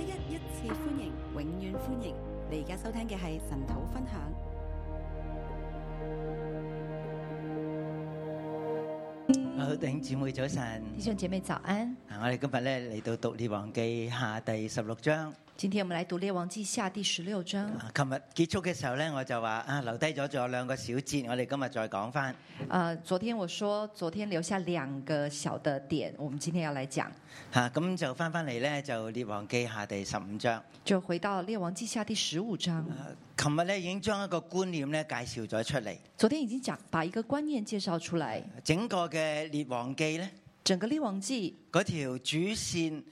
一一次歡迎，永遠歡迎。你而家收聽嘅係神徒分享。好，弟兄姐妹早晨，弟兄姐妹早安。嗱，我哋今日咧嚟到讀列王記下第十六章。今天我們來讀《列王記下》第十六章。琴日結束嘅時候咧，我就話啊，留低咗仲有兩個小節，我哋今日再講翻。啊，昨天我說，昨天留下兩個小的點，我們今天要來講。吓、啊，咁就翻翻嚟咧，就《列王記下》第十五章。就回到《列王記下》第十五章。琴日咧已經將一個觀念咧介紹咗出嚟。昨天已經講，把一個觀念介紹出嚟。整個嘅《列王記》咧，整個《列王記》嗰條主線。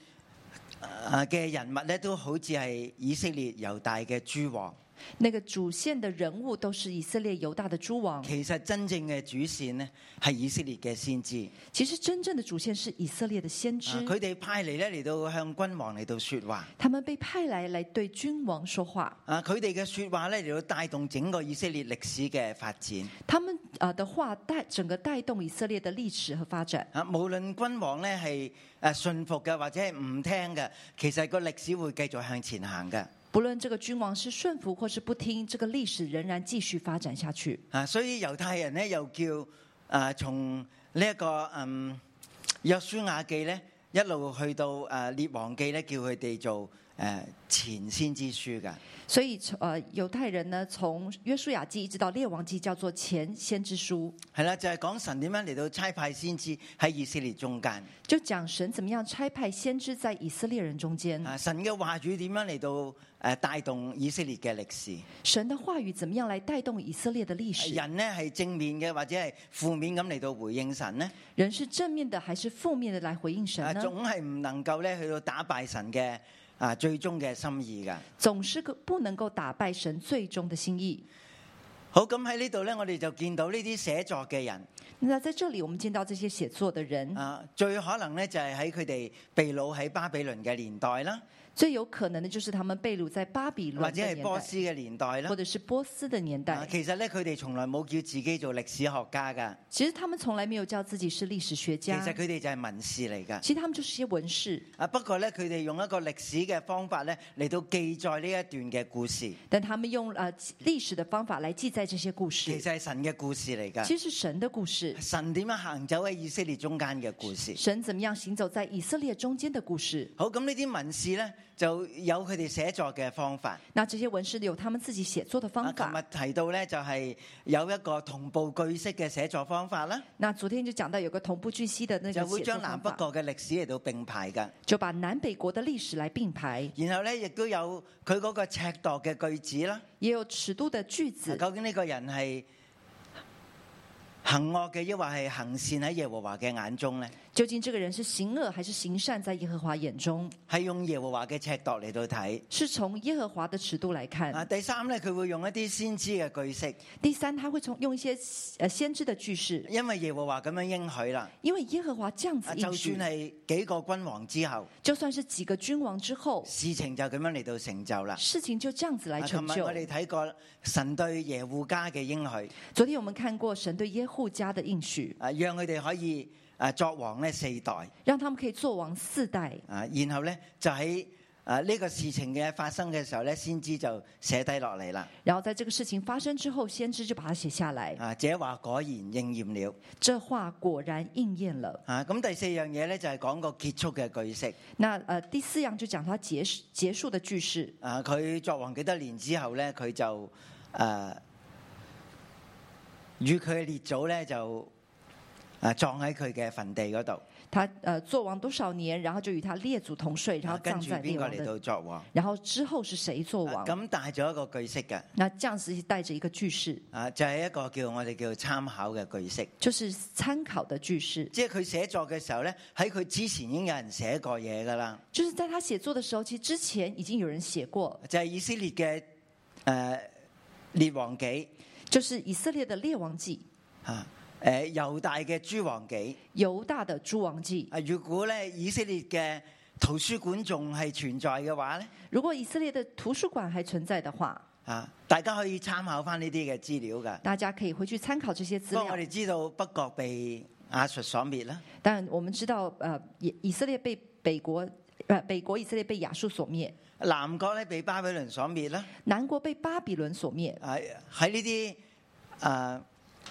嘅人物咧，都好似係以色列猶大嘅諸王。那個主線的人物都是以色列猶大的諸王。其實真正嘅主線呢，係以色列嘅先知。其實真正嘅主線是以色列的先知，佢哋派嚟呢嚟到向君王嚟到說話。他們被派來嚟對君王說話。啊，佢哋嘅說話呢嚟到帶動整個以色列歷史嘅發展。他們啊的話帶整個帶動以色列的歷史和發展。啊，無論君王呢係誒信服嘅或者係唔聽嘅，其實個歷史會繼續向前行嘅。不論這個君王是順服或是不聽，這個歷史仍然繼續發展下去。啊，所以猶太人咧又叫啊，從呢一個嗯約書亞記咧一路去到誒列王記咧，叫佢哋做，誒，前先知書噶，所以從誒猶太人呢，從約書亞記一直到列王記，叫做前先知書。係啦，就係、是、講神點樣嚟到差派先知喺以色列中間，就講神怎麼樣差派先知在以色列人中間。啊、神嘅話語點樣嚟到誒、呃、帶動以色列嘅歷史？神嘅話語怎麼樣嚟帶動以色列嘅歷史？啊、人呢係正面嘅或者係負面咁嚟到回應神呢？人是正面的還是負面嘅？來回應神、啊？總係唔能夠咧去到打敗神嘅。啊！最終嘅心意噶，總是個不能夠打敗神最終嘅心意。好，咁喺呢度呢，我哋就見到呢啲寫作嘅人。那在這裏，我們見到這些寫作的人。啊，最可能呢，就係喺佢哋被擄喺巴比倫嘅年代啦。最有可能呢，就是他們被擄在巴比倫或者係波斯嘅年代啦，或者是波斯的年代。其實咧，佢哋從來冇叫自己做歷史學家噶。其實他們從來沒有叫自己是歷史學家。其實佢哋就係文士嚟噶。其實他們就是，們就是些文士。啊，不過咧，佢哋用一個歷史嘅方法咧嚟到記載呢一段嘅故事。但係他們用啊歷史嘅方法嚟記載這些故事。其實係神嘅故事嚟噶。其實是神嘅故事。神點樣行走喺以色列中間嘅故事？神怎麼樣行走在以色列中間嘅故事？好，咁呢啲文士咧？就有佢哋寫作嘅方法。嗱，這些文士有他們自己寫作嘅方法。今日提到咧就係有一個同步句式嘅寫作方法啦。嗱，昨天就講到有個同步句式嘅，那種寫作方法。就會將南北國嘅歷史嚟到並排㗎。就把南北國嘅歷史嚟並排。然後咧亦都有佢嗰個尺度嘅句子啦。也有尺度嘅句子。啊，究竟呢個人係，行惡嘅，抑或係行善喺耶和華嘅眼中咧？究竟這個人是行惡還是行善，在耶和華眼中？係用耶和華嘅尺度嚟到睇，是從耶和華嘅尺度嚟看。第三咧，佢會用一啲先知嘅句式。第三，他會從用一些誒先知嘅句式。因為耶和華咁樣應許啦。因為耶和華這樣子應許。就算係幾個君王之後，就算是幾個君王之後，事情就咁樣嚟到成就啦。事情就這樣子嚟成就。我哋睇過。神對耶戶家嘅應許，昨天我們看過神對耶戶家的應許，啊，讓佢哋可以啊作王四代，讓他們可以作王四代，啊，然後呢，就喺。啊！呢個事情嘅發生嘅時候咧，先知就寫低落嚟啦。然後在這個事情發生之後，先知就把它寫下來。啊，這話果然應驗了。這話果然應驗了。啊，咁第四樣嘢咧就係講個結束嘅句式。那誒、呃、第四樣就講佢結結束嘅句式。啊，佢作王幾多年之後咧，佢就誒、呃、與佢列祖咧就啊葬喺佢嘅墳地度。他，呃，作王多少年，然後就與他列祖同睡，然後跟住邊個嚟到作王，然後之後是誰作王？咁帶咗一個句式嘅。那這樣子係帶着一個句式。啊，就係一個叫我哋叫參考嘅句式。就是參考嘅句式。即係佢寫作嘅時候咧，喺佢之前已經有人寫過嘢噶啦。就是在他寫作嘅時候，其實之前已經有人寫過。就係以色列嘅，誒、呃，列王紀，就是以色列嘅列王紀。啊。誒，猶大嘅諸王記，猶大的諸王記。啊，如果咧以色列嘅圖書館仲係存在嘅話咧，如果以色列的圖書館還存在的話，啊，大家可以參考翻呢啲嘅資料噶。大家可以回去參考這些資料。不過我哋知道北國被亞述所滅啦。但我們知道，誒，以色列被北國，不北國以色列被亞述所滅。南國咧被巴比倫所滅啦。南國被巴比倫所滅。喺喺呢啲，誒、呃。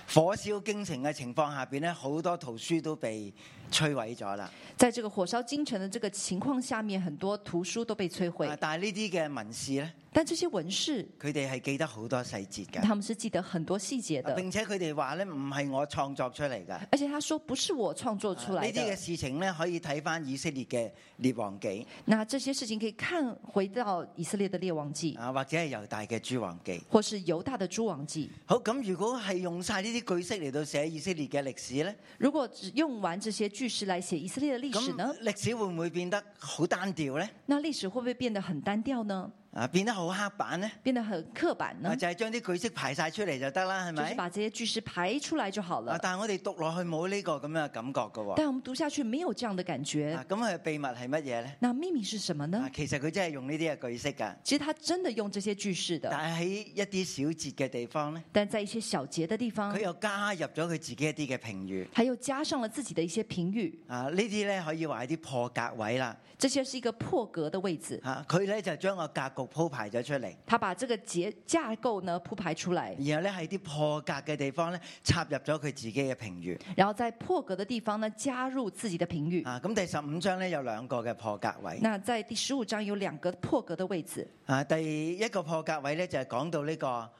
火燒京城嘅情況下面咧，好多圖書都被摧毀咗啦！在這個火燒京城的這個情況下面，很多圖書都被摧毀。但係呢啲嘅文士咧？但這些文士，佢哋係記得好多細節嘅。他們是記得很多細節的，並且佢哋話咧，唔係我創作出嚟嘅。而且他說，不是我創作出來。呢啲嘅事情咧，可以睇翻以色列嘅列王記。嗱，這些事情可以看回到以色列的列王記啊，或者係猶大嘅諸王記，或是猶大的諸王記。好，咁如果係用晒呢啲句式嚟到寫以色列嘅歷史咧？如果用完這些。句式來寫以色列的歷史呢？咁歷史會唔會變得好單調呢？那歷史會不會變得很單調呢？啊，變得好刻板呢，變得很刻板咧，就係將啲句式排晒出嚟就得啦，係咪？就把這些句式排出嚟就、就是、就好了。啊、但係我哋讀落去冇呢個咁樣嘅感覺嘅、哦啊。但我們讀下去沒有這樣嘅感覺。咁佢嘅秘密係乜嘢咧？那秘密是什麼呢？其實佢真係用呢啲嘅句式噶。其實佢真，真的用這些句式的。但係喺一啲小節嘅地方咧，但在一些小節嘅地方，佢又加入咗佢自己一啲嘅評語，他又加上咗自己的一些評語。啊，些呢啲咧可以話係啲破格位啦，呢、啊、啲是一個破格嘅位置。啊，佢咧就將個格。鋪排咗出嚟，他把這個結架構呢鋪排出來，然後呢喺啲破格嘅地方呢插入咗佢自己嘅評語，然後在破格的地方呢加入自己的評語。啊，咁、嗯、第十五章呢有兩個嘅破格位，那在第十五章有兩個破格的位置。啊，第一個破格位呢就係、是、講到呢、這個。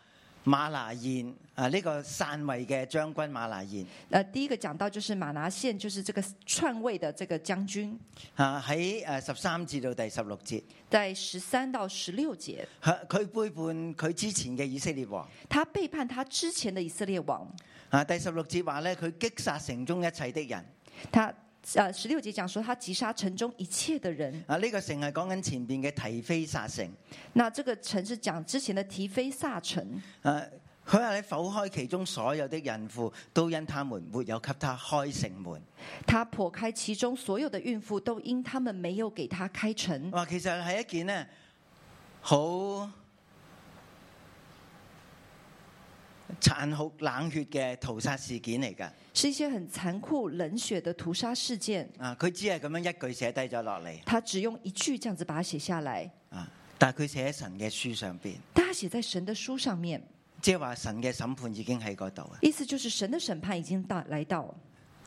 馬拿現啊，呢、這個篡位嘅將軍馬拿現。誒，第一個講到就是馬拿現，就是這個篡位的這個將軍。啊，喺誒十三節到第十六節，在十三到十六節。佢背叛佢之前嘅以色列王。他背叛他之前的以色列王。啊，第十六節話咧，佢擊殺城中一切的人。他。呃，十六節講說，他擊殺城中一切的人。啊，呢、這個城係講緊前邊嘅提非薩城。那這個城是講之前的提非薩城。啊，佢話你剖開其中所有的孕婦，都因他們沒有給他開城門。他破開其中所有的孕婦，都因他們沒有給他開城。哇、啊，其實係一件呢好殘酷冷血嘅屠殺事件嚟㗎。.是一些很殘酷、冷血的屠殺事件。啊，佢只係咁樣一句寫低咗落嚟。他只用一句這樣子把它寫下來。啊，但係佢寫喺神嘅書上邊。大家寫在神嘅書上面。即係話神嘅審判已經喺嗰度啊。意思就是神嘅審判已經到來到。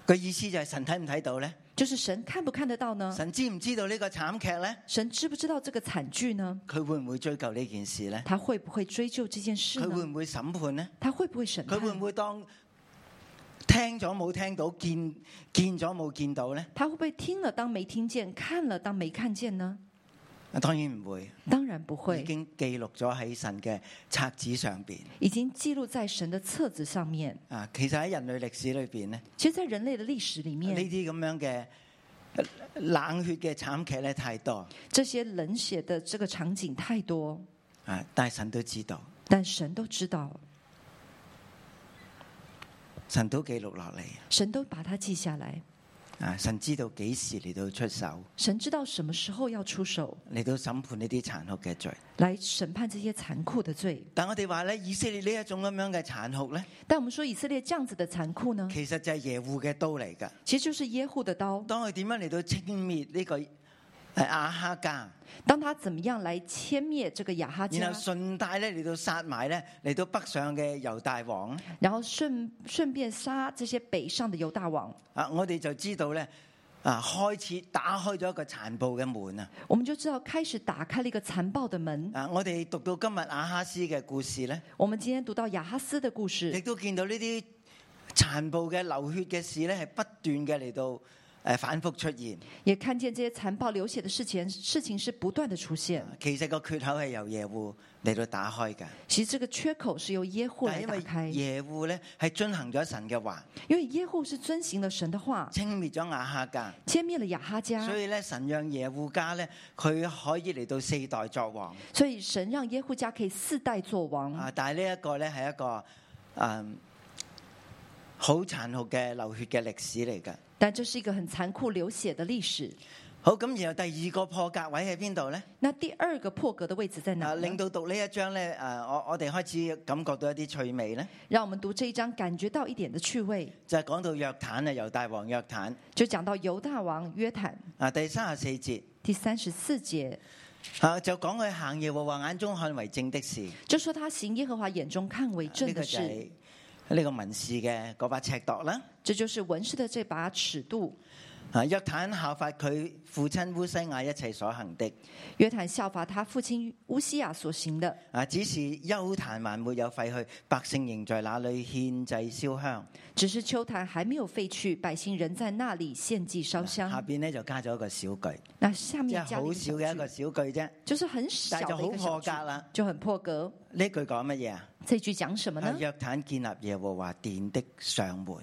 個意思就係神睇唔睇到咧？就是神看唔看得到呢？神知唔知道個慘劇，呢個慘劇咧？神知唔知道呢個慘劇呢？佢會唔會追究呢件事呢？他會唔會追究呢件事呢？佢會唔會審判呢？他會唔會審判？佢會唔會當？聽咗冇聽到，見見咗冇見到呢？他會不會聽了當沒聽見，看了當沒看見呢？當然唔會，當然不會，已經記錄咗喺神嘅冊子上邊，已經記錄在神嘅冊子上面。啊，其實喺人類歷史裏邊呢，其實在人類的歷史裏面，呢啲咁樣嘅冷血嘅慘劇咧太多，這些冷血的這個場景太多。啊，但神都知道，但神都知道。神都記錄落嚟，神都把它記下來。啊，神知道幾時嚟到出手，神知道什麼時候要出手。嚟到審判呢啲殘酷嘅罪，嚟審判這些殘酷嘅罪。但我哋話咧，以色列呢一種咁樣嘅殘酷咧，但我們說以色列這樣子嘅殘酷呢，其實就係耶戶嘅刀嚟噶，其實就是耶戶嘅刀。當佢點樣嚟到清滅呢、這個？係亞哈家，當他怎麼樣嚟殲滅這個亞哈家？然後順帶咧嚟到殺埋咧嚟到北上嘅猶大王。然後順順便殺這些北上嘅猶大王。啊，我哋就知道咧，啊，開始打開咗一個殘暴嘅門啊。我們就知道開始打開了一個殘暴嘅門。啊，我哋讀到今日亞哈斯嘅故事咧。我們今天讀到亞哈斯嘅故事，亦都見到呢啲殘暴嘅流血嘅事咧，係不斷嘅嚟到。誒，反覆出現，也看見這些殘暴流血的事情，事情是不斷的出現。其實個缺口係由耶戶嚟到打開嘅。其實這個缺口是由耶戶嚟打開。耶戶咧係遵行咗神嘅話。因為耶戶是遵行了神嘅話。清滅咗亞哈家。殲滅了亞哈家。所以咧，神讓耶戶家咧，佢可以嚟到四代作王。所以神讓耶戶家可以四代作王。啊，但係呢一個咧係一個誒好殘酷嘅流血嘅歷史嚟嘅。但這是一個很殘酷流血的歷史。好，咁然後第二個破格位喺邊度呢？那第二個破格的位置在哪裏，啊？令到讀呢一章呢，誒、啊，我我哋開始感覺到一啲趣味呢。讓我們讀這一章，感覺到一點的趣味。就係講到約坦啊，猶大王約坦，就講到猶大王約坦。啊，第三十四節，第三十四節，啊，就講佢行耶和華眼中看為正的事，啊這個，就說他行耶和華眼中看為正的事。呢、這個民事嘅嗰把尺度啦，這就是文士的這把尺度。啊，約坦效法佢。父親烏西亞一切所行的，約坦效法他父親烏西亞所行的。啊，只是丘壇還沒有廢去，百姓仍在那裏獻祭燒香。只是丘壇還沒有廢去，百姓仍在那裏獻祭燒香。下邊呢，就加咗一個小句，那下面加好少嘅一個小句啫，就是很小，小，就是很小，小，但係好破格啦，就很破格。呢句講乜嘢啊？這句講什麼呢？約坦建立耶和華殿的上門，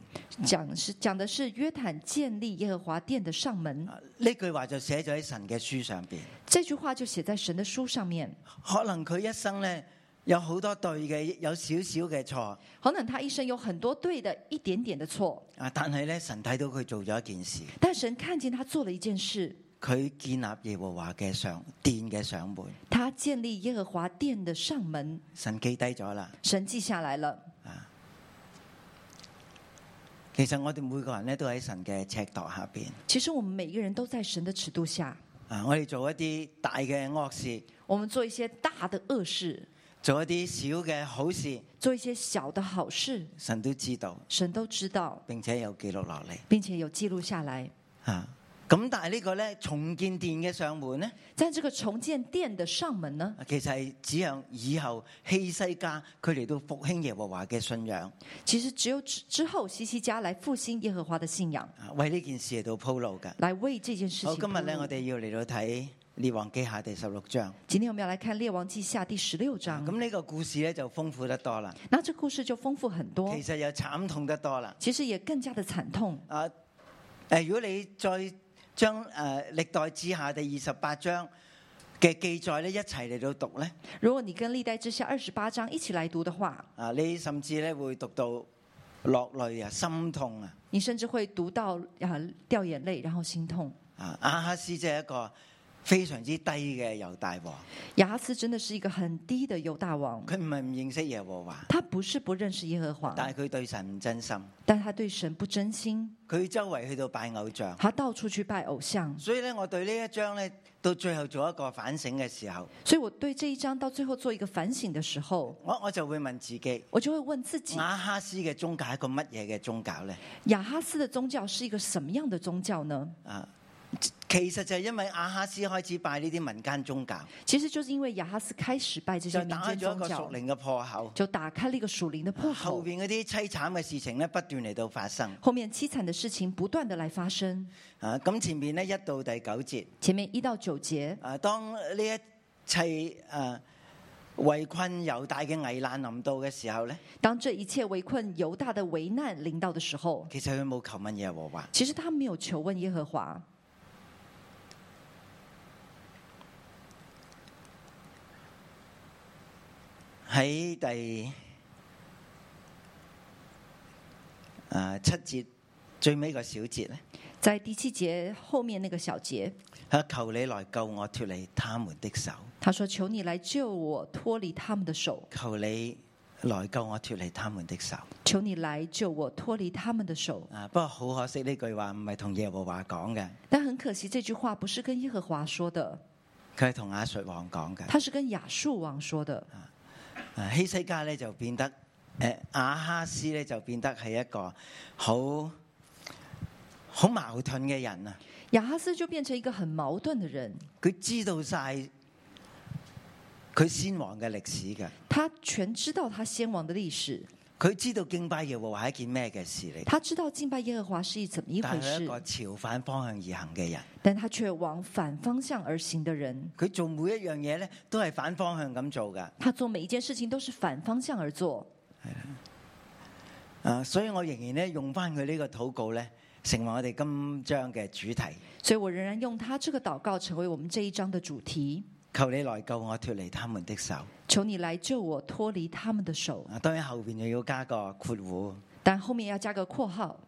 講是講的是約坦建立耶和華殿的上門。呢句話。話就寫咗喺神嘅書上邊，這句話就寫在神的書上面。可能佢一生呢，有好多對嘅，有少少嘅錯。可能他一生有很多對的，一點點的錯。啊，但係咧，神睇到佢做咗一件事，但神看見他做了一件事，佢建立耶和華嘅上殿嘅上門，他建立耶和華殿的，的上門，神記低咗啦，神記下來了。其實我哋每個人咧都喺神嘅尺度下邊。其實我們每一個人都在神的尺度下。啊，我哋做一啲大嘅惡事，我們做一些大的惡事，做一啲小嘅好事，做一些小的好事，神都知道，神都知道，並且有記錄落嚟，並且有記錄下來啊。咁但係呢個咧重建殿嘅上門咧，在呢個重建殿嘅上門呢？其實係指向以後希西家佢嚟到復興耶和華嘅信仰。其實只有之之後希西、西家嚟復興耶和華嘅信仰，啊、為呢件事嚟到鋪路嘅。嚟為呢件事。好，今日咧我哋要嚟到睇列王記下第十六章。今天我們要嚟看列王記下第十六章。咁、啊、呢、這個故事咧就豐富得多啦。那這故事就豐富很多。其實又慘痛得多啦。其實也更加的慘痛。啊，誒、呃，如果你再。將誒歷代之下第二十八章嘅記載咧，一齊嚟到讀咧。如果你跟歷代之下二十八章一齊嚟讀嘅話，啊，你甚至咧會讀到落淚啊、心痛啊。你甚至會讀到啊掉眼淚，然後心痛。啊，亞哈斯即係一個。非常之低嘅猶大王，雅哈斯真的是一個很低的猶大王。佢唔係唔認識耶和華，他不是不認識耶和華，但係佢對神唔真心。但係他對神不真心，佢周圍去到拜偶像，他到處去拜偶像。所以呢，我對呢一章呢，到最後做一個反省嘅時候，所以我對這一章，到最後做一個反省的時候，我我我就會問自己，我就會問自己，雅哈斯嘅宗教係一個乜嘢嘅宗教呢？雅哈斯的宗教是一個什麼樣的宗教呢？啊。其實就係因為亞哈斯開始拜呢啲民間宗教，其實就是因為亞哈斯開始拜這些民間宗教，就打開咗個屬靈嘅破口，就打開呢個屬靈嘅破口。後面嗰啲淒慘嘅事情呢不斷嚟到發生。後面淒慘嘅事情不斷地嚟發生。啊，咁前面呢，一到第九節，前面一到九節。啊，當呢一切誒圍困猶大嘅危難臨到嘅時候咧，當這一切圍困猶大的危難臨到嘅時候，其實佢冇求問耶和華，其實他沒有求問耶和華。喺第誒七節最尾個小節咧，在第七節後面那個小節。啊，求你來救我脫離他們的手。他說：求你來救我脫離他們的手。求你來救我脫離他們的手。求你來救我脫離他們的手。啊，不過好可惜呢句話唔係同耶和華講嘅。但很可惜，這句話不是跟耶和華說的。佢係同亞述王講嘅。他是跟亞述王說的。希西家咧就變得誒，亞哈斯咧就變得係一個好好矛盾嘅人啊！亞哈斯就變成一個很矛盾嘅人，佢知道晒佢先王嘅歷史嘅，他全知道他先王嘅歷史。佢知道敬拜耶和華係一件咩嘅事嚟？他知道敬拜耶和華係一怎麼一回事？但係一個朝反方向而行嘅人，但他卻往反方向而行嘅人，佢做每一樣嘢咧都係反方向咁做嘅。他做每一件事情都是反方向而做。係啦，誒，所以我仍然咧用翻佢呢個禱告咧，成為我哋今章嘅主題。所以我仍然用他這個禱告成為我們這一章嘅主題。求你來救我脫離他們的手。求你來救我脫離他們的手。當然後邊又要加個括弧。但後面要加個括號。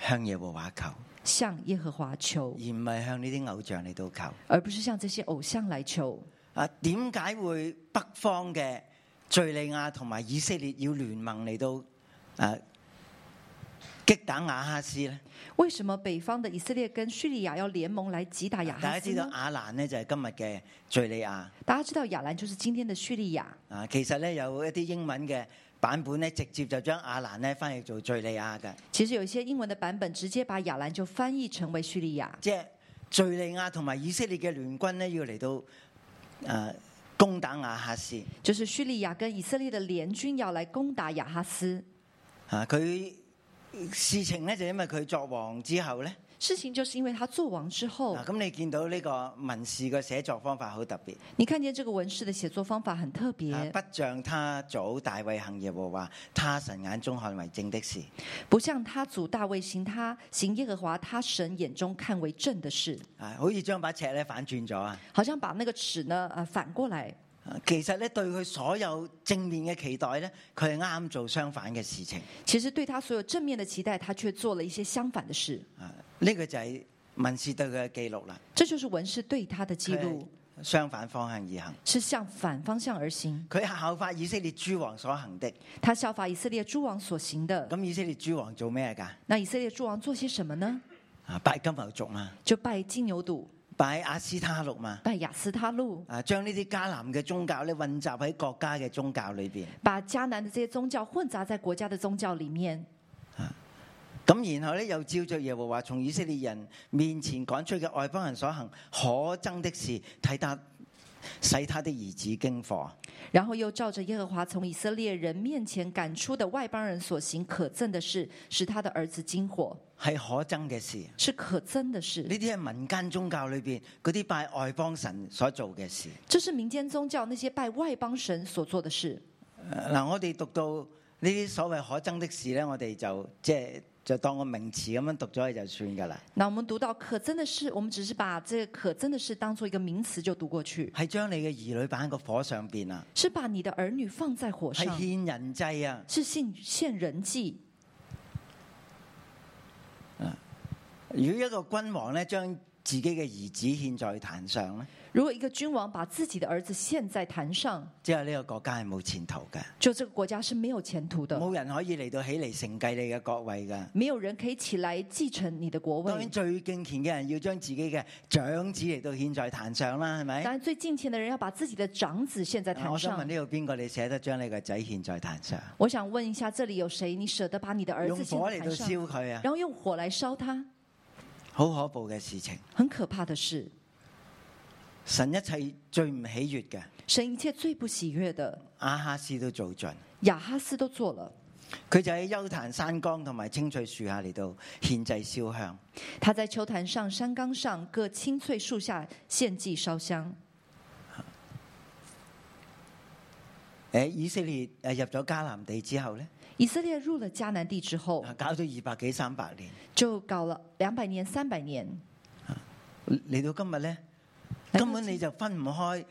向耶和華求。向耶和華求。而唔係向呢啲偶像嚟到求。而不是向這些偶像來求。啊，點解會北方嘅敘利亞同埋以色列要聯盟嚟到誒、啊。擊打亞哈斯咧？為什麼北方的以色列跟敘利亞要聯盟來擊打亞哈斯？大家知道亞蘭呢，就係今日嘅敘利亞。大家知道亞蘭就是今天的敘利亞。啊，其實呢，有一啲英文嘅版本呢，直接就將亞蘭呢，翻譯做敘利亞嘅。其實有一些英文的版本直接把亞蘭就翻譯成為敘利亞，即係敘利亞同埋以色列嘅聯軍呢，要嚟到攻打亞哈斯，就是敘利亞跟以色列的聯軍要來攻打亞哈斯。啊，佢。事情呢，就因為佢作王之後呢。事情就是因為他作王之後。嗱、啊，咁你見到呢個文士嘅寫作方法好特別，你看見這個文士嘅寫作方法很特別，啊、不像他祖大衛行，行耶和華他神眼中看為正的事，不像他祖大衛行他行耶和華他神眼中看為正的事，啊，好似將把，把尺咧反轉咗啊，好像把那個尺呢，啊，反過來。其實咧，對佢所有正面嘅期待咧，佢係啱做相反嘅事情。其實對他所有正面嘅期待，他卻做了一些相反嘅事。啊，呢、這個就係文士對佢嘅記錄啦。這就是文士對他嘅記錄。相反方向而行，是向反方向而行。佢效法以色列諸王所行的，他效法以色列諸王所行的。咁以色列諸王做咩㗎？那以色列諸王做些什麼呢？啊、拜金牛犢嘛，就拜金牛犢。擺亞斯他路嘛，擺亞斯他路，啊，將呢啲迦南嘅宗教咧混雜喺國家嘅宗教裏邊。把迦南嘅這些宗教混雜喺國家嘅宗教裏面。咁然後咧，又照著耶和華從以色列人面前趕出嘅外邦人所行可憎的事，睇達。使他的兒子經火，然後又照着耶和華從以色列人面前趕出的外邦人所行可憎的事，使他的兒子經火，係可憎嘅事，是可憎的事。呢啲係民間宗教裏邊嗰啲拜外邦神所做嘅事，這是民間宗教那些拜外邦神所做的事。嗱，我哋讀到呢啲所謂可憎的事呢，我哋就、就是就當個名詞咁樣讀咗佢就算噶啦。嗱，我們讀到可真的是，我們只是把這可真的是當做一個名詞就讀過去。係將你嘅兒女擺喺個火上邊啊？是把你的兒女放在火上？係獻人祭啊？是獻獻人祭。如果一個君王咧，將自己嘅兒子獻在壇上咧？如果一個君王把自己的兒子獻在壇上，即係呢個國家係冇前途嘅。就這個國家是沒有前途的。冇人可以嚟到起嚟承繼你嘅國位嘅。沒有人可以來起來繼承你的國位的。當然最敬虔嘅人要將自己嘅長子嚟到獻在壇上啦，係咪？但係最敬虔嘅人要把自己嘅長子獻在，在壇上。我想問呢個邊個？你捨得將你個仔獻在壇上？我想問一下，這裏有誰？你捨得把你的兒子獻在壇上？然後用火嚟燒佢啊！然後用火嚟燒他，好可怖嘅事情。很可怕嘅事。神一切最唔喜悅嘅，神一切最不喜悅的，亞哈斯都做盡，亞哈斯都做了，佢就喺丘壇山崗同埋青翠樹下嚟到獻祭燒香。他在丘壇上、山崗上各青翠樹下獻祭燒香。誒，以色列誒入咗迦南地之後咧，以色列入咗迦南地之後，搞咗二百幾三百年，就搞了兩百年三百年。嚟到今日咧。根本你就分唔開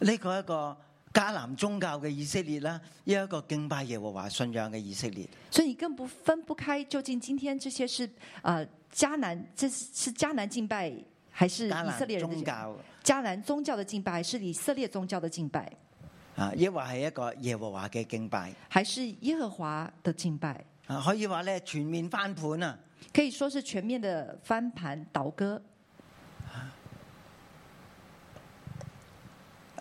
呢個一個迦南宗教嘅以色列啦，呢一個敬拜耶和華信仰嘅以色列。所以你根本分不開，究竟今天這些是啊，呃，迦南，這是迦南敬拜，還是以色列宗教？迦南宗教嘅敬拜，還是以色列宗教嘅敬拜。啊，抑或係一個耶和華嘅敬拜，還是耶和華的敬拜？啊，可以話咧全面翻盤啊，可以說是全面的翻盤倒戈。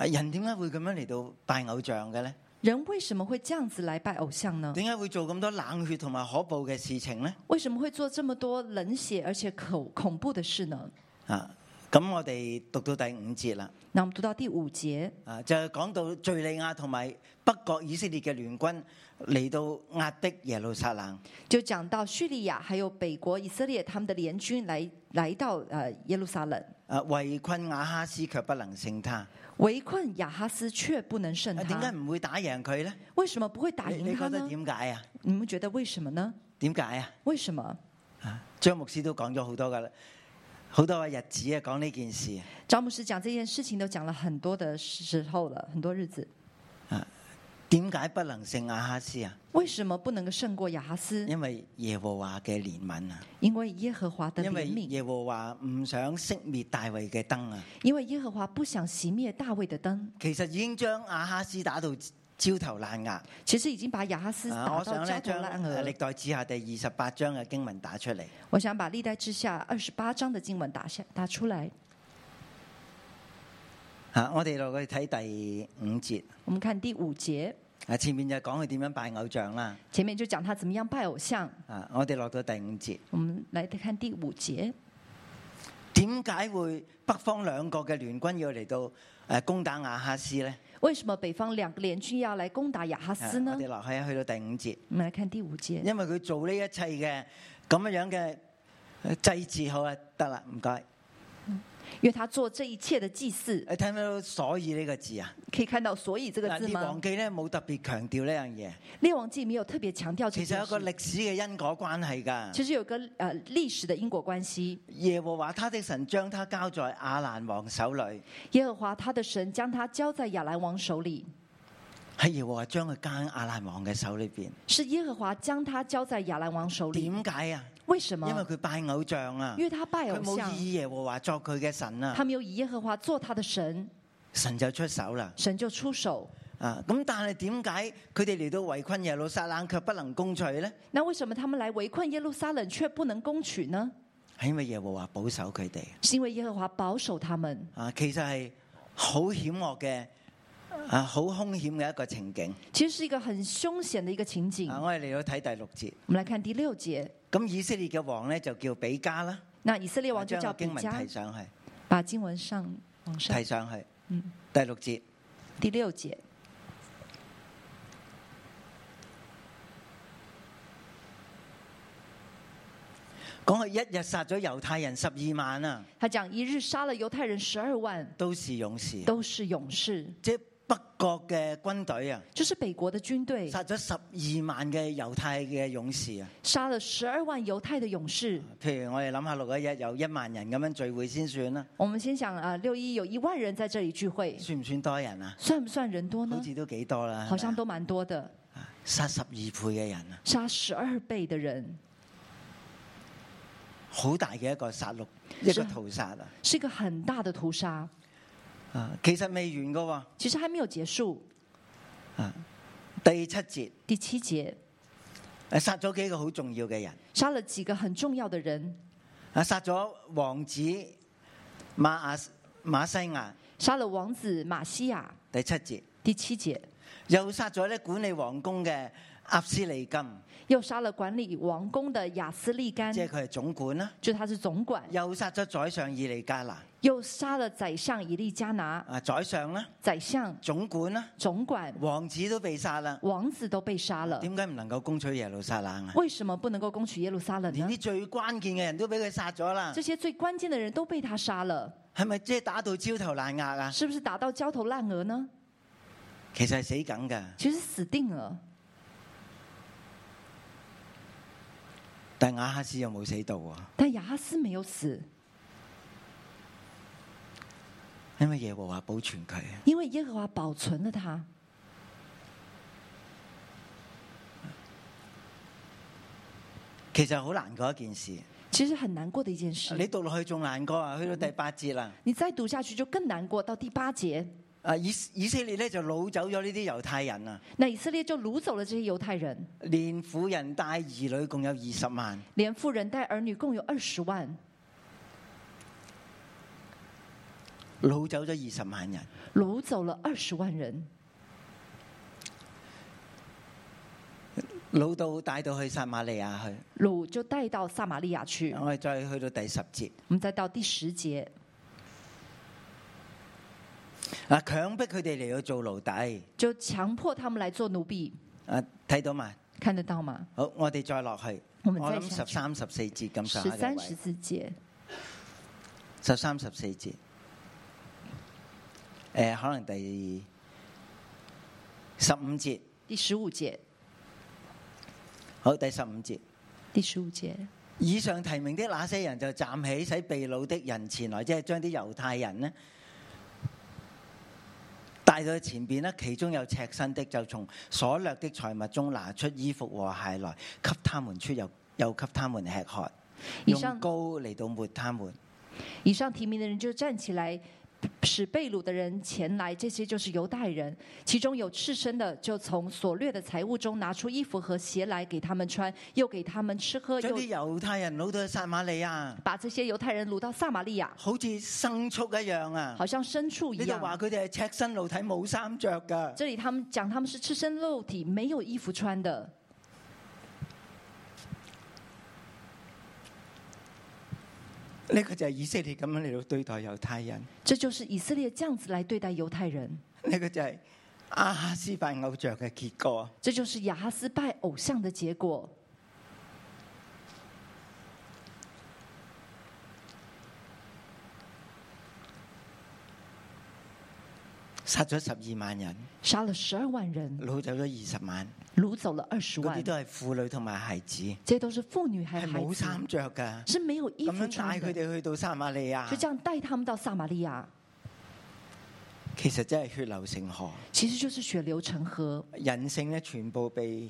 人點解會咁樣嚟到拜偶像嘅咧？人為什麼會這樣子嚟拜偶像呢？點解會做咁多冷血同埋可怖嘅事情呢？為什麼會做這麼多冷血而且恐恐怖嘅事呢？啊，咁我哋讀到第五節啦。那我們讀到第五節啊，就係講到敘利亞同埋北國以色列嘅聯軍嚟到壓逼耶路撒冷。就講到敘利亞還有北國以色列，他們的聯軍來來到誒耶路撒冷。啊！圍困亞哈斯卻不能勝他，圍困亞哈斯卻不能勝他，點解唔會打贏佢呢？為什麼不會打贏佢呢？你覺得點解啊？你們覺得為什麼呢？點解啊？為什麼？啊、張牧師都講咗好多噶啦，好多日子啊講呢件事。張牧師講這件事情都講了很多的時候了，了很多日子。點解不能勝亞哈斯啊？為什麼不能勝過亞哈斯？因為耶和華嘅憐憫啊！因為耶和華的憐憫。因為耶和華唔想熄滅大衛嘅燈啊！因為耶和華、啊、不想熄滅大衛嘅燈。其實已經將亞哈斯打到焦頭爛額。其實已經把亞哈斯打到焦頭爛額。啊、我想咧將歷代志下第二十八章嘅經文打出嚟。我想把歷代志下二十八章嘅經文打下打出嚟。啊！我哋落去睇第五節。我們看第五節。啊，前面就講佢點樣拜偶像啦。前面就講他怎麼樣拜偶像。啊，我哋落到第五節。我們嚟睇看，看第五節。點解會北方兩國嘅聯軍要嚟到誒攻打亞哈斯咧？為什麼北方兩國聯軍要嚟攻打亞哈斯呢？啊、我哋落去去到第五節。我們來看第五節。因為佢做呢一切嘅咁嘅樣嘅祭祀好啊，得啦，唔該。因為他做這一切的祭祀，你聽到所以呢個字啊？可以看到所以這個字嗎？列王記呢冇特別強調呢樣嘢。列王記沒有特別強調。其實有個歷史嘅因果關係㗎。其實有個誒歷史嘅因果關係。耶和華他的神將他交在亞蘭王手裡。耶和華他的神將他交在亞蘭王手裡。喺耶和華將佢交喺亞蘭王嘅手裡邊。是耶和華將他交在亞蘭王的手裡。點解啊？因為佢拜偶像啊，因為他拜偶像，佢冇以耶和華作佢嘅神啊，他們沒有以耶和華做他的神，神就出手啦，神就出手啊，咁但係點解佢哋嚟到圍困耶路撒冷卻不能攻取咧？那為什麼他們來圍困耶路撒冷卻不能攻取呢？係因為耶和華保守佢哋，是因為耶和華保守他們啊，其實係好險惡嘅。啊，好凶險嘅一個情景，其實是一個很凶險的一個情景。我哋嚟到睇第六節，我們來，來看第六節。咁以色列嘅王咧就叫比加啦。那以色列王就叫比加。叫比加提上去，把經文上上，上去。嗯，第六節，第六節，講佢一日殺咗猶太人十二萬啊！他講一日殺了猶太人十二萬，都是勇士，都是勇士。即北國嘅軍隊啊，就是北國嘅軍隊，殺咗十二萬嘅猶太嘅勇士啊，殺了十二萬猶太的勇士，啊。譬如我哋諗下六一有，一萬人咁樣聚會先算啦，啊。我們先想啊，六一有一萬人在這裏聚會，算唔算多人啊？算唔算人多呢？好似都幾多啦，好像都蠻多的。殺十二倍嘅人，啊，殺十二倍嘅人，好大嘅一個殺戮，一個屠殺啊，是一個很大的屠殺。啊，其實未完噶，其實還沒有結束。啊，第七節，第七節，殺咗幾個好重要嘅人，殺了幾個很重要的人，啊，殺咗王子馬阿馬西亞，殺了王子馬西亞，第七節，第七節，又殺咗咧管理皇宮嘅阿斯利金。又殺了管理王宮的亞斯利干，即係佢係總管啦。就他是總管。又殺咗宰相以利加拿。又殺了宰相以利加拿。啊，宰相咧？宰相。總管啦？總管。王子都被殺啦，王子都被殺了。點解唔能夠攻取耶路撒冷啊？為什麼不能夠攻取耶路撒冷呢，啊？呢啲最關鍵嘅人都俾佢殺咗啦。這些最關鍵嘅人都被他殺了。係咪即係打到焦頭爛額啊？是不是打到焦頭爛額呢？其實係死梗噶。其實死定了。但亞哈斯又冇死到喎，但亞哈斯沒有死，因為耶和華保存佢。因為耶和華保存了他。其實好難過一件事，其實很難過的一件事。你讀落去仲難過啊，去到了第八節啦、嗯。你再讀下去就更難過，到第八節。啊，以以色列咧就擄走咗呢啲猶太人啊！那以色列就擄走了這些猶太人。連婦人帶兒女共有二十萬。連婦人帶兒女共有二十萬。擄走咗二十萬人。擄走了二十萬人。擄到帶到去撒瑪利亞去。擄就帶到撒瑪利亞去。我哋再去到第十節。我們再到第十節。啊！強迫佢哋嚟去做奴隸，就強迫他們來做奴婢。啊，睇到嘛？看得到嘛？好，我哋再落去。我諗十三十四節咁上下。十三十四節。十三十四節。誒、呃，可能第十五節。第十五節。好，第十五節。第十五節。以上提名的那些人就站起，使被擄的人前來，即係將啲猶太人呢？帶到前邊啦，其中有赤身的，就從所掠的財物中拿出衣服和鞋來，給他們穿，又給他們吃喝，用膏嚟到抹他們以。以上提名的人就站起來。使被擄的人前來，這些就是猶太人，其中有赤身的，就從所掠的財物中拿出衣服和鞋來，給他們穿，又給他們吃喝。將啲猶太人擄到撒馬利亞，把這些猶太人擄到撒馬利亞，好似牲畜一樣啊！好像牲畜一樣。你就話佢哋係赤身露體、冇衫着噶？這裏他們講他們是赤身露體、沒有衣服穿的。呢、這個就係以色列咁樣嚟到對待猶太人，這就是以色列這樣子來對待猶太人。呢、這個就係阿哈斯拜偶像嘅結果，這就是亞哈斯拜偶像的結果。殺咗十二萬人，殺了十二萬人，擄走咗二十萬，擄走了二十萬。嗰啲都係婦女同埋孩子，這都是婦女還孩子，係冇衫着噶，是沒有衣服穿。咁樣帶佢哋去到撒瑪利亞，就這樣帶他們到撒瑪利亞。其實真係血流成河，其實就是血流成河，人性咧，全部被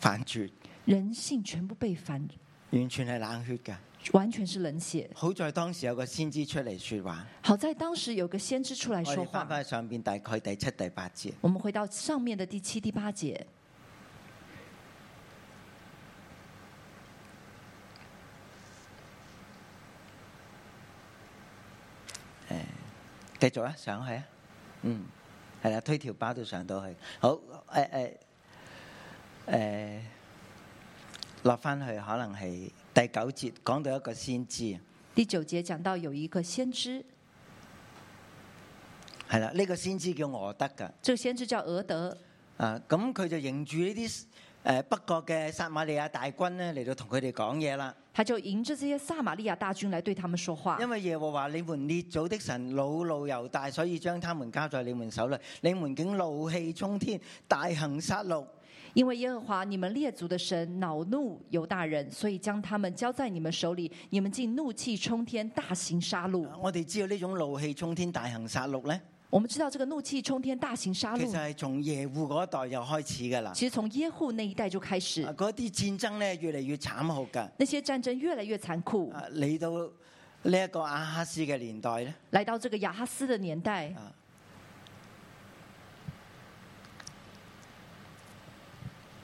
反絕，人性全部被反絕，完全係冷血噶。完全是冷血。好在當時有個先知出嚟說話。好在當時有個先知出嚟說話。翻翻去上邊大概第七、第八節。我們回到上面嘅第七、第八節。誒，繼續啦，上去啊。嗯，係啦，推條巴都上到去。好，誒誒誒，落翻去可能係。第九節講到一個先知。第九節講到有一個先知，係啦，呢個先知叫俄德㗎。呢個先知叫俄德。啊、這個，咁佢就迎住呢啲誒北國嘅撒瑪利亞大軍咧嚟，到同佢哋講嘢啦。他就迎住這些撒瑪利亞大軍嚟對他們說話。因為耶和華你們列祖的神惱怒猶大，所以將他們交在你們手裏。你們竟怒氣沖天，大行殺戮。因為耶和華你們列祖的神惱怒猶大人，所以將他們交在你們手裏，你們竟怒氣沖天，大行殺戮。我哋知道呢種怒氣沖天、大行殺戮呢？我們知道這個怒氣沖天、大行殺戮，其實係從耶戶嗰一代又開始噶啦。其實從耶戶那一代就開始，嗰啲戰爭呢，越嚟越慘酷噶。那些戰爭越來越殘酷。嚟到呢一個亞哈斯嘅年代咧，嚟到這個亞哈斯嘅年代。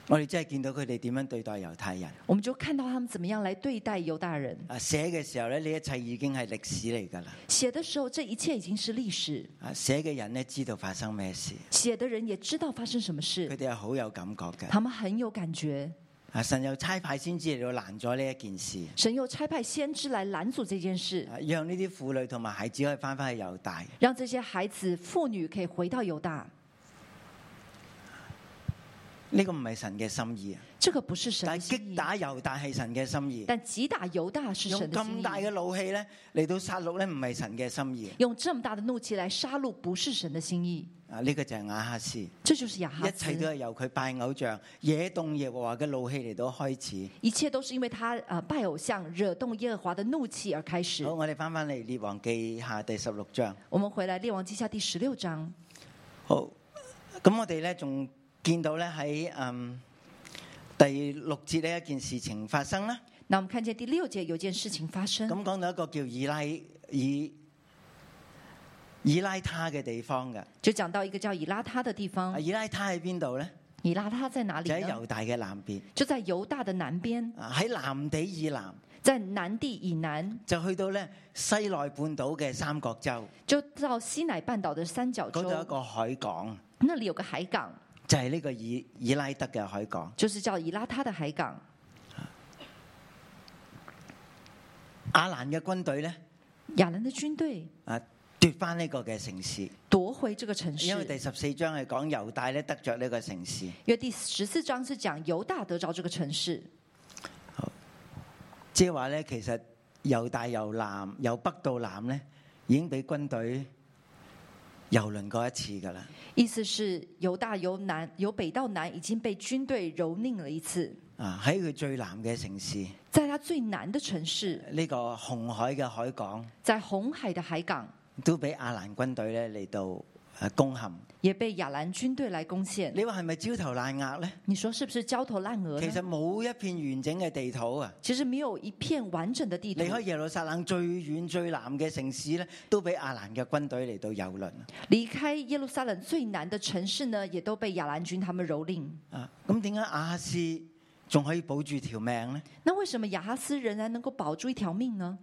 我哋真係見到佢哋點樣對待猶太人。我們就看到他們怎麼樣來對待猶大人。啊，寫嘅時候咧，呢一切已經係歷史嚟㗎喇。寫嘅時候，這一切已經是歷史。啊，寫嘅人呢，知道發生咩事。寫嘅人也知道發生什麼事。佢哋係好有感覺嘅。他們很有感覺。啊，神又差派先知嚟到攔咗呢一件事。神又差派先知嚟攔阻這件事。讓呢啲婦女同埋孩子可以翻返去猶大。讓這些孩子婦女可以回到猶大。呢、這個唔係神嘅心，、這個、心意，但係擊打猶大係神嘅心意。但擊打猶大是神用咁大嘅怒氣咧嚟到殺戮咧，唔係神嘅心意。用咁大嘅怒氣嚟殺戮，不是神嘅心，心意。啊，呢、這個就係亞哈斯，一切都係由佢拜偶像、惹動耶和華嘅怒氣嚟到開始。一切都是因為他拜偶像、惹動耶和華嘅怒氣而開始。好，我哋翻翻嚟列王記下第十六章。我們回來列王記下第十六章。好，咁我哋咧仲。見到咧喺嗯，第六節呢一件事情發生啦。嗱，我們看見第六節有件事情發生。咁講到一個叫伊拉以伊拉他嘅地方嘅，就講到一個叫伊拉他嘅地方。伊拉他喺邊度咧？伊拉他在哪裡？喺猶大嘅南邊。就在猶大嘅南邊。喺南，南地以南。在南地以南。就去到咧西奈半島嘅三角洲。就到西奈半島嘅三角洲。嗰度有一個海港。那裡有個海港。就係、是、呢個以以拉德嘅海港，就是叫以拉塔的海港。亞蘭嘅軍隊咧，亞蘭嘅軍隊啊奪翻呢個嘅城市，奪回這個城市。因為第十四章係講猶大咧得着呢個城市，因為第十四章是講猶大得着這個城市。好，即係話咧，其實猶大由南由北到南咧，已經俾軍隊。游輪過一次㗎喇，意思是由大由南由北到南已經被軍隊蹂躪了一次。啊，喺佢最南嘅城市，在他最南的城市，呢個紅海嘅海港，在紅海的海港都俾阿蘭軍隊咧嚟到攻陷也被亞蘭軍隊來攻陷，你話係咪焦頭爛額呢？你說是不是焦頭爛額？其實冇一片完整嘅地圖啊！其實沒有一片完整嘅地圖啊。離開耶路撒冷最遠最南嘅城市呢，都俾亞蘭嘅軍隊嚟到蹂躪。離開耶路撒冷最南嘅城市呢，亦都被亞蘭軍他們蹂躪。啊，咁點解亞哈斯仲可以保住條命呢？那為什麼亞哈斯仍然能夠保住一條命呢？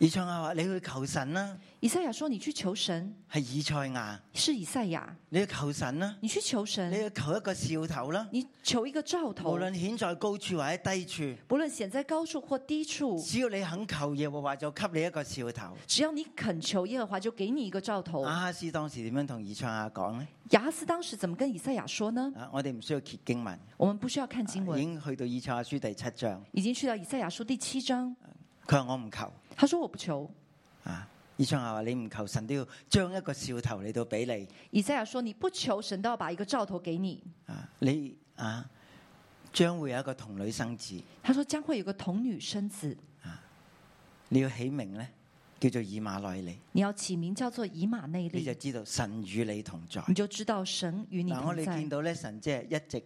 以賽亞話：你去求神啦！以賽亞說：你去求神。係以賽亞，是以賽亞。你去求神啦！你去求神。你去求一個兆頭啦！你求一個兆頭。無論顯在高處或者低處，無論顯在高處或低處，只要你肯求耶和華，就給你一個兆頭。只要你肯求耶和華，就給你一個兆頭。亞哈斯當時點樣同以賽亞講呢？亞哈斯當時怎麼跟以賽亞說呢？啊、我哋唔需要揭經文，我們不需要看經文，已經去到以賽亞書第七章，啊、已經去到以賽亞書第七章。佢話我唔求，佢說我不求。啊，以賽亞話，你唔求神都要將一個兆頭嚟到俾你。以賽亞說，你不求神都要把一個兆頭給你。啊，你啊，將會有一個童女生子。他說將會有個童女生子。啊，你要起名咧，叫做以馬內利。你要起名叫做以馬內利，你就知道神與你同在。你就知道神與你。嗱，我哋見到咧，神即係一直。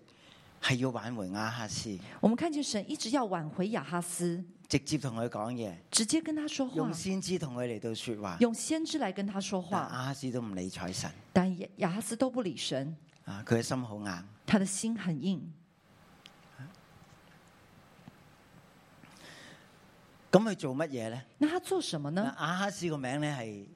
係要挽回阿哈斯，我們看見神一直要挽回亞哈斯，直接同佢講嘢，直接跟他說話，用先知同佢嚟到說話，用先知嚟跟他說話。阿哈斯都唔理睬神，但亞哈斯都不理神。啊，佢嘅心好硬，他的心很硬。咁佢做乜嘢咧？那他做什麼呢？麼呢啊、阿哈斯個名咧係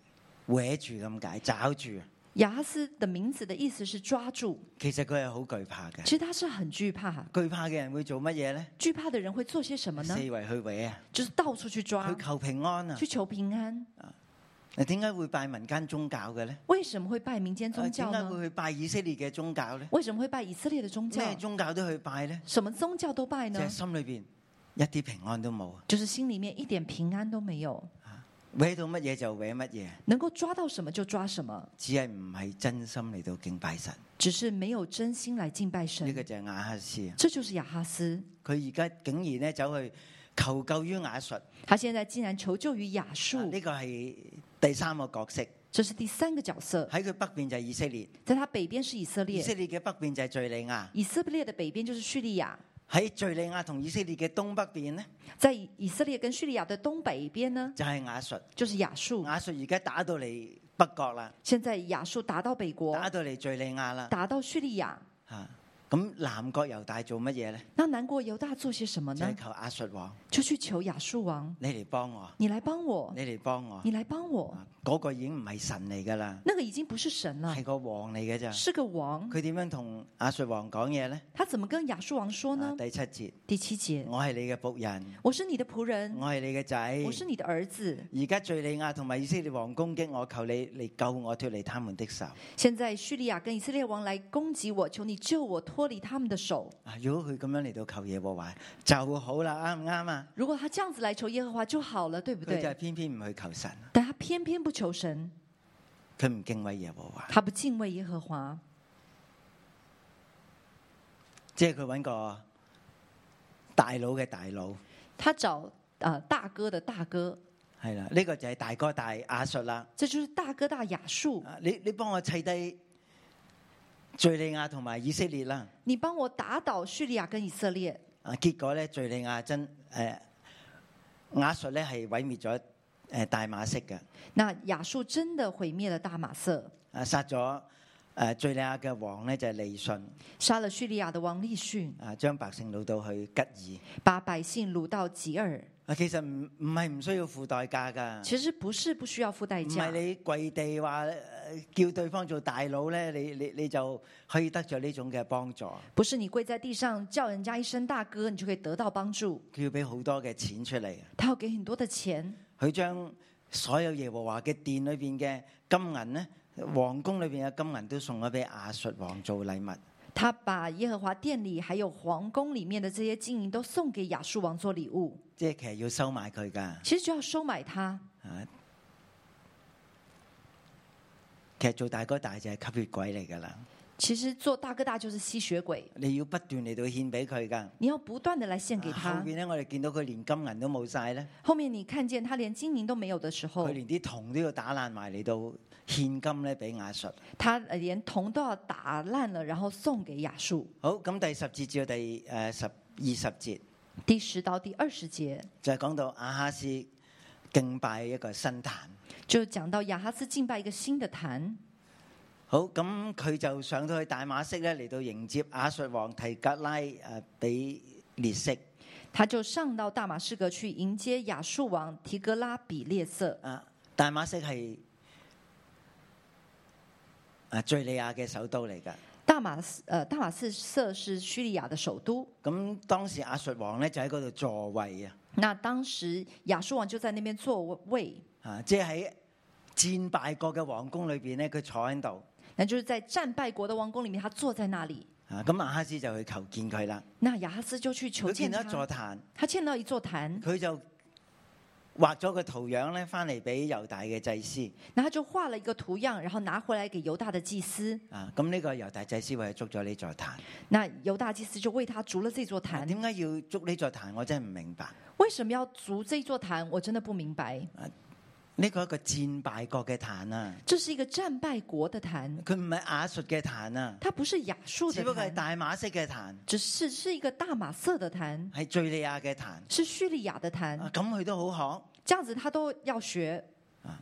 歪住咁解，抓住。雅哈斯的名字的意思是抓住。其實佢係好懼怕嘅。其實他是很懼怕。懼怕嘅人會做乜嘢呢？懼怕的人會做些什麼呢？四圍去圍啊！就是到處去抓。去求平安啊！去求平安。啊，點解會拜民間宗教嘅咧？為什麼會拜民間宗教？點解會去拜以色列嘅宗教咧？為什麼會拜以色列的宗教？咩宗教都去拜咧？什麼宗教都拜呢？心裏邊一啲平安都冇，就是心裏面一點平安都沒有。為到乜嘢就為乜嘢，能夠抓到什麼就抓什麼。只係唔係真心嚟到敬拜神，只是沒有真心來敬拜神。呢個就係亞哈斯，這就是亞哈斯。佢而家竟然咧走去求救於亞述，他現在竟然求救於亞述。呢個係第三個角色，這是第三個角色。喺佢北邊就係以色列，在他北邊是以色列。以色列嘅北邊就係敘利亞，以色列嘅北邊就是敘利亞。喺敘利亞同以色列嘅東北邊呢，在以色列跟敘利亞嘅東北邊呢，就係亞述，就是亞述。亞述而家打到嚟北國啦，現在亞述打到北國，打到嚟敘利亞啦，打到敘利亞。咁南國猶大做乜嘢咧？那南國猶大做些什麼呢？就是、求亞述王，就去求亞述王。你嚟幫我，你嚟幫我，你嚟幫我，你嚟幫我。嗰個已經唔係神嚟噶啦，那個已經不是神啦，係個王嚟噶咋？是個王。佢點樣同亞述王講嘢咧？他怎麼跟亞述王說呢、啊？第七節，第七節，我係你嘅僕人，我是你的僕人，我係你嘅仔，我是你的兒子。而家敘利亞同埋以色列王攻擊我，求你嚟救我脱離他們的手。現在敘利亞跟以色列王嚟攻擊我，求你救我脫離他們的手。如果佢咁樣嚟到求耶和華，就好啦，啱唔啱啊？如果他這樣子來求耶和華就好了，對不對？佢就係偏偏唔去求神。但他偏偏不求神，佢唔敬畏耶和華，他不敬畏耶和華。即係佢揾個大佬嘅大佬，他找啊、呃、大哥的大哥。係啦，呢、這個就係大哥大亞述啦。即就是大哥大亞述，述。啊、你你幫我砌低。敘利亞同埋以色列啦，你幫我打倒敘利亞跟以色列。啊，結果咧，敘利亞真、誒亞述咧係毀滅咗誒大馬色嘅。那亞述真的毀滅了大馬色。啊，殺咗誒敘利亞嘅王咧就係利順，殺了敘利亞的王利順。啊，將百姓擄到去吉爾，把百姓擄到吉爾。啊，其實唔唔係唔需要付代價噶其實不是不需要付代價，唔係你跪地話叫對方做大佬呢，你你你就可以得着呢種嘅幫助。不是你跪在地上叫人家一聲大哥，你就可以得到幫助。佢要俾好多嘅錢出嚟。他要給很多的錢。佢將所有耶和華嘅殿裏邊嘅金銀呢，皇宮裏邊嘅金銀都送咗俾亞述王做禮物。他把耶和華殿裏還有皇宮裏面的這些金銀都送給亞述王做禮物。即係其實要收買佢噶其實就要收買他。做大哥大就係吸血鬼嚟噶啦，其實做大哥大就是吸血鬼，你要不斷嚟到獻俾佢噶。你要不斷的來獻給他。後邊咧，我哋見到佢連金銀都冇晒咧。後面你看見他連金銀都沒有的時候，佢連啲銅都要打爛埋嚟到獻金咧俾亞述。他連銅都要打爛了，然後送給亞述。好，咁第十節至到第誒十二十節，第十到第二十節就係、是、講到亞哈斯敬拜一個新壇。就講到雅哈斯敬拜一個新的壇。好，咁佢就上到去大馬色咧嚟到迎接亞述王提格拉誒比列色，他就上到大馬士革去迎接亞述王提格拉比列色。啊，大馬色係啊敘利亞嘅首都嚟㗎。大馬誒大馬士色是敘利亞嘅首都。咁當時亞述王呢就喺嗰度座位啊。那當時亞述王，王就在那邊座位。啊！即係戰敗國嘅王宮裏邊咧，佢坐喺度。那就是在戰敗國嘅王宮裏面，他坐在那裡。啊！咁、啊、亞哈斯就去求見佢啦。那亞哈斯就去求見。一座壇。他建到一座壇。佢就畫咗個圖樣咧，翻嚟俾猶大嘅祭司。那他就畫了一個圖樣，然後拿回來給猶大的祭司。啊！咁呢個猶大祭司為佢築咗呢座壇。那猶大祭司就為他築了這座壇。點解要築呢座壇？我真係唔明白。為什麼要築這座壇？我真的不明白。啊呢個一個戰敗國嘅壇啊！這是一個戰敗國的壇，佢唔係亞述嘅壇啊！它不是亞述、啊，只不過係大馬色嘅壇，只是是一個大馬色嘅壇，係敘利亞嘅壇，是敘利亞嘅壇。咁佢都好學，這樣子他都要學啊！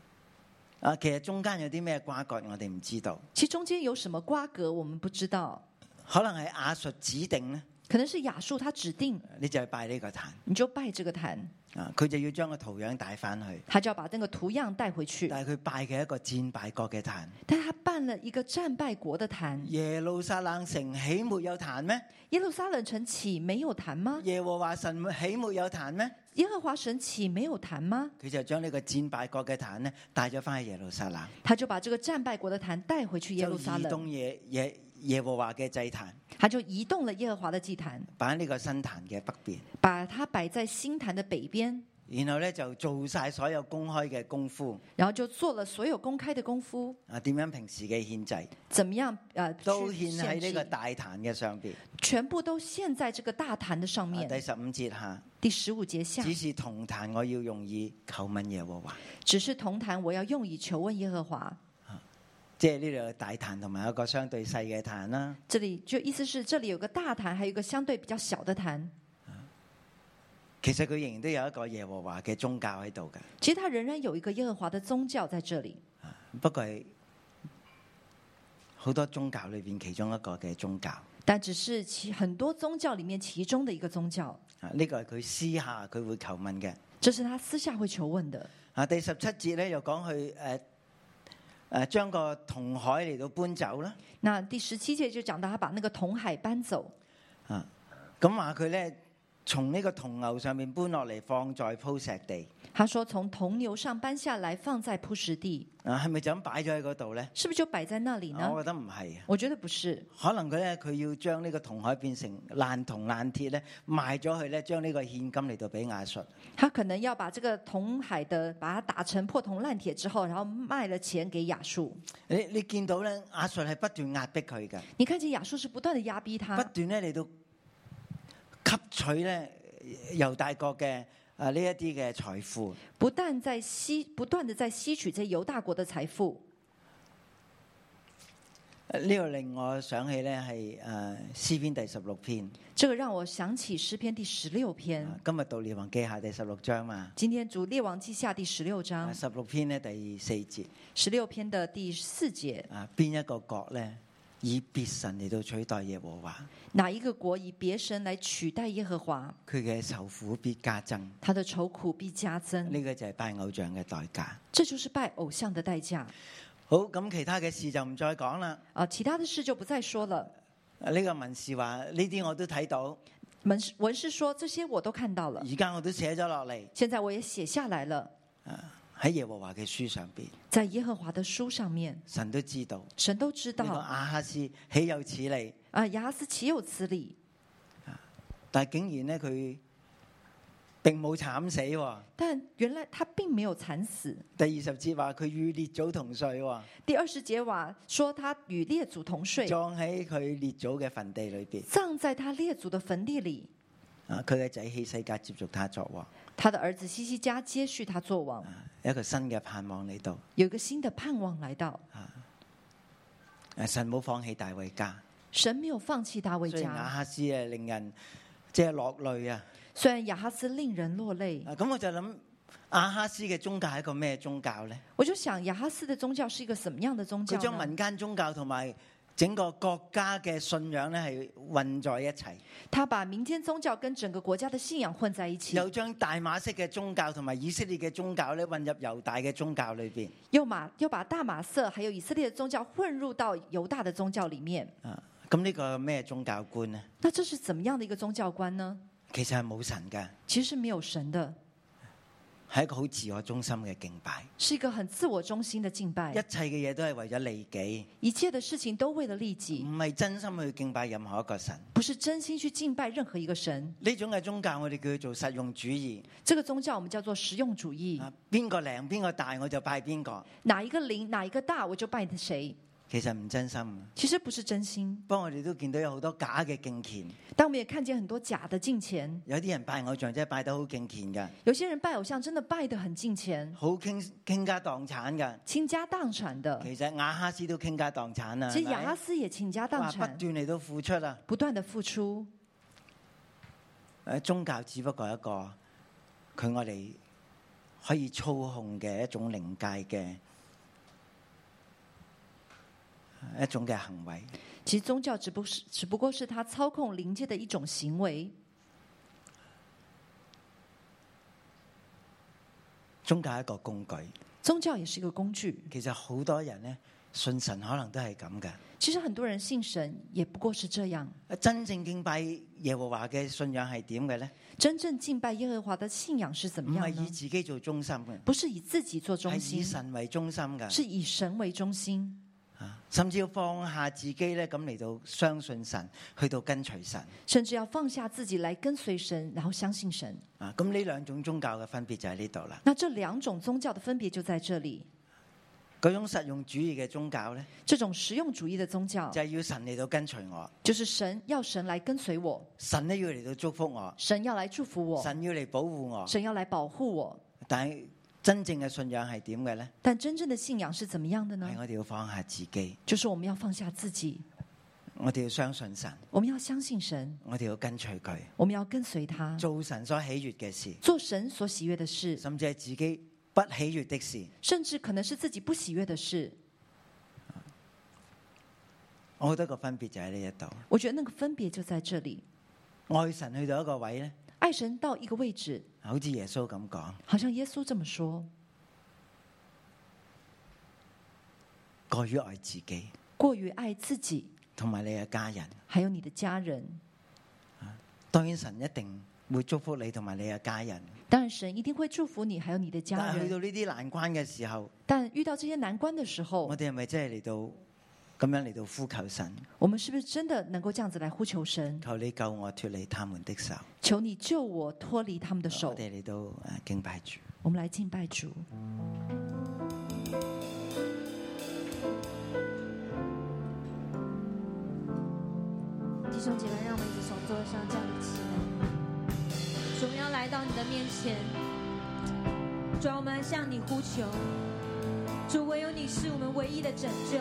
啊，其實中間有啲咩瓜葛，我哋唔知道。其實中間有什麼瓜葛，我們不知道，可能係亞述指定咧、啊。可能是亞述他指定你就去拜呢個壇，你就拜這個壇。啊，佢就要將個圖樣帶翻去，他就要把呢個圖樣帶回去。但係佢拜嘅一個戰敗國嘅壇，但係他辦了一個戰敗國嘅壇。耶路撒冷城豈沒有壇咩？耶路撒冷城豈沒有壇咩？耶和華神豈沒有壇咩？耶和華神豈沒有壇咩？佢就將呢個戰敗國嘅壇呢帶咗翻去耶路撒冷，他就把這個戰敗國嘅壇帶回去耶路撒冷。東耶耶。耶耶和華嘅祭壇，他就移動了耶和華的祭壇，擺喺呢個新壇嘅北邊，把它擺在新壇嘅北邊。然後咧就做晒所有公開嘅功夫，然後就做了所有公開嘅功夫。啊，點樣平時嘅獻祭？怎麼樣？啊，都獻喺呢個大壇嘅上邊，全部都獻在這個大壇嘅上面。第十五節下，第十五節下，只是同壇我要用以求問耶和華，只是同壇我要用以求問耶和華。即係呢度有大壇同埋一個相對細嘅壇啦。這就意思是，這裏有個大壇，還有一個相對比較小的壇。其實佢仍然都有一個耶和華嘅宗教喺度嘅。其實佢仍然有一個耶和華的宗教在這裏。不過好多宗教裏邊其中一個嘅宗教。但只是其很多宗教裏面其中的一個宗教。啊，呢個係佢私下佢會求問嘅。這是他私下會求問嘅。啊，第十七節咧，又講去誒。呃誒將個銅海嚟到搬走啦！那第十七節就講到，他把那個銅海搬走啊，咁、嗯、話佢咧。從呢個銅牛上面搬落嚟，放在鋪石地。他說：從銅牛上搬下來，放在鋪石地。啊，係咪就咁擺咗喺嗰度咧？是不是就擺在那裏呢？我覺得唔係。我覺得不是。可能佢咧，佢要將呢個銅海變成爛銅爛鐵咧，賣咗去咧，將呢個現金嚟到俾亞述。他可能要把這個銅海的，把它打成破銅爛鐵之後，然後賣了錢給亞述。誒，你見到咧，亞述係不斷壓迫佢噶。你看見亞述是不斷壓迫的不斷地壓逼他，不斷咧嚟到。吸取咧猶大國嘅啊呢一啲嘅財富，不斷在吸，不斷的在吸取這猶大國嘅財富。呢個令我想起咧係誒詩篇第十六篇。這個讓我想起詩篇第十六篇。今日到列王記下第十六章嘛。今天讀列王記下第十六章，十六篇呢第四節。十六篇的第四節啊，邊一個國咧？以別神嚟到取代耶和華，哪一個國以別神嚟取代耶和華？佢嘅愁苦必加增，他的愁苦必加增。呢、這個就係拜偶像嘅代價，這就是拜偶像嘅代價。好，咁其他嘅事就唔再講啦。啊，其他嘅事就不再說了。呢、這個文士話，呢啲我都睇到。文文士說，這些我都看到了。而家我,我都寫咗落嚟，現在我也寫下來了。嗯。喺耶和華嘅書上邊，在耶和華的書上面，神都知道，神都知道。亞哈斯豈有此理？啊，亞哈斯豈有此理？但係竟然呢，佢並冇慘死。但原來他並沒有慘死。第二十節話佢與列祖同睡。第二十節話說他與列祖同睡，葬喺佢列祖嘅墳地裏邊，葬在他列祖嘅墳地裏。啊，佢嘅仔希西家接續他作王，他的兒子希西家接續他作王。有一個新嘅盼望嚟到，有個新的盼望嚟到。啊，神冇放棄大衛家。神沒有放棄大衛家。雅哈斯誒令人即係落淚啊。雖然雅哈斯令人落淚。咁我就諗雅哈斯嘅宗教係一個咩宗教咧？我就想雅哈斯嘅宗，宗，宗教是一個什麼樣嘅宗教？佢將民間宗教同埋，整個國家嘅信仰呢係混在一齊，他把民間宗教跟整個國家的信仰混在一起，又將大馬色嘅宗教同埋以色列嘅宗教呢混入猶大嘅宗教裏邊，又馬又把大馬色還有以色列嘅宗教混入到猶大的宗教裏面。啊，咁呢個咩宗教觀呢？那這是怎麼樣的一個宗教觀呢？其實係冇神嘅，其實沒有神的。係一個好自我中心嘅敬拜，是一個很自我中心嘅敬拜。一切嘅嘢都係為咗利己，一切嘅事情都為了利己，唔係真心去敬拜任何一個神，不是真心去敬拜任何一個神。呢種嘅宗教我哋叫做實用主義，這個宗教我們叫做實用主義。邊個靈邊個大我就拜邊個，哪一個靈哪一個大我就拜的誰。其實唔真心，其實不是真心。幫我哋都見到有好多假嘅敬虔，但我們也看見很多假嘅敬虔。有啲人拜偶像真係拜得好敬虔噶，有些人拜偶像真的拜得很敬虔，好傾傾家蕩產噶，傾家蕩產的。其實亞哈斯都傾家蕩產啊，其實亞哈斯也傾家蕩產。不斷嚟到付出啊，不斷的付出。誒，宗教只不過係一個，佢我哋可以操控嘅一種靈界嘅一種嘅行為，其實宗教只不過是，只不過是他操控靈界的一種行為。宗教係一個工具，宗教也是一個工具。其實好多人呢，信神，可能都係咁㗎。其實很多人信神，也不過是這樣。真正敬拜耶和華嘅信仰係點嘅呢？真正敬拜耶和華嘅信仰是怎麼樣？係以自己做中心嘅，不是以自己做中心，係以神為中心嘅，是以神為中心。甚至要放下自己咧，咁嚟到相信神，去到跟隨神。甚至要放下自己來跟隨神，然後相信神。啊，咁呢兩種宗教嘅分別就喺呢度啦。那這兩種宗教嘅分別就在這裏。嗰種實用主義嘅宗教呢，這種實用主義嘅宗教就係要神嚟到跟隨我，就是神要神來跟隨我，神呢要嚟到祝福我，神要來祝福我，神要嚟保護我，神要嚟保護我。但真正嘅信仰係點嘅呢？但真正嘅信仰是怎麼樣嘅呢？係我哋要放下自己。就是我們要放下自己。我哋要相信神。我們要相信神。我哋要跟隨佢。我們要跟隨他。做神所喜悅嘅事，做神所喜悅的事，甚至係自己不喜悅的事，甚至可能是自己不喜悅的事。我覺得個分別就喺呢一度。我覺得那個分別就在這裏。愛神去到一個位呢。愛神到一個位置，好似耶穌咁講，好像耶穌這麼說，過於愛自己，過於愛自己，同埋你嘅家人，還有你的家人，當然神一定會祝福你，同埋你嘅家人。當然神一定會祝福你，還有你的家人。但係去到呢啲難關嘅時候，但遇到這些難關的時候，我哋係咪真係嚟到？咁樣嚟到呼求神，我們是不是真的能夠這樣子來呼求神？求你救我脫離他們的手。求你救我脫離他們的手。我哋嚟敬拜主。我們來敬拜主。弟兄姐妹，讓我們一起從座位上站立起來。主，我們要來到你的面前。主，我們來向你呼求。主，唯有你是我們唯一的拯救。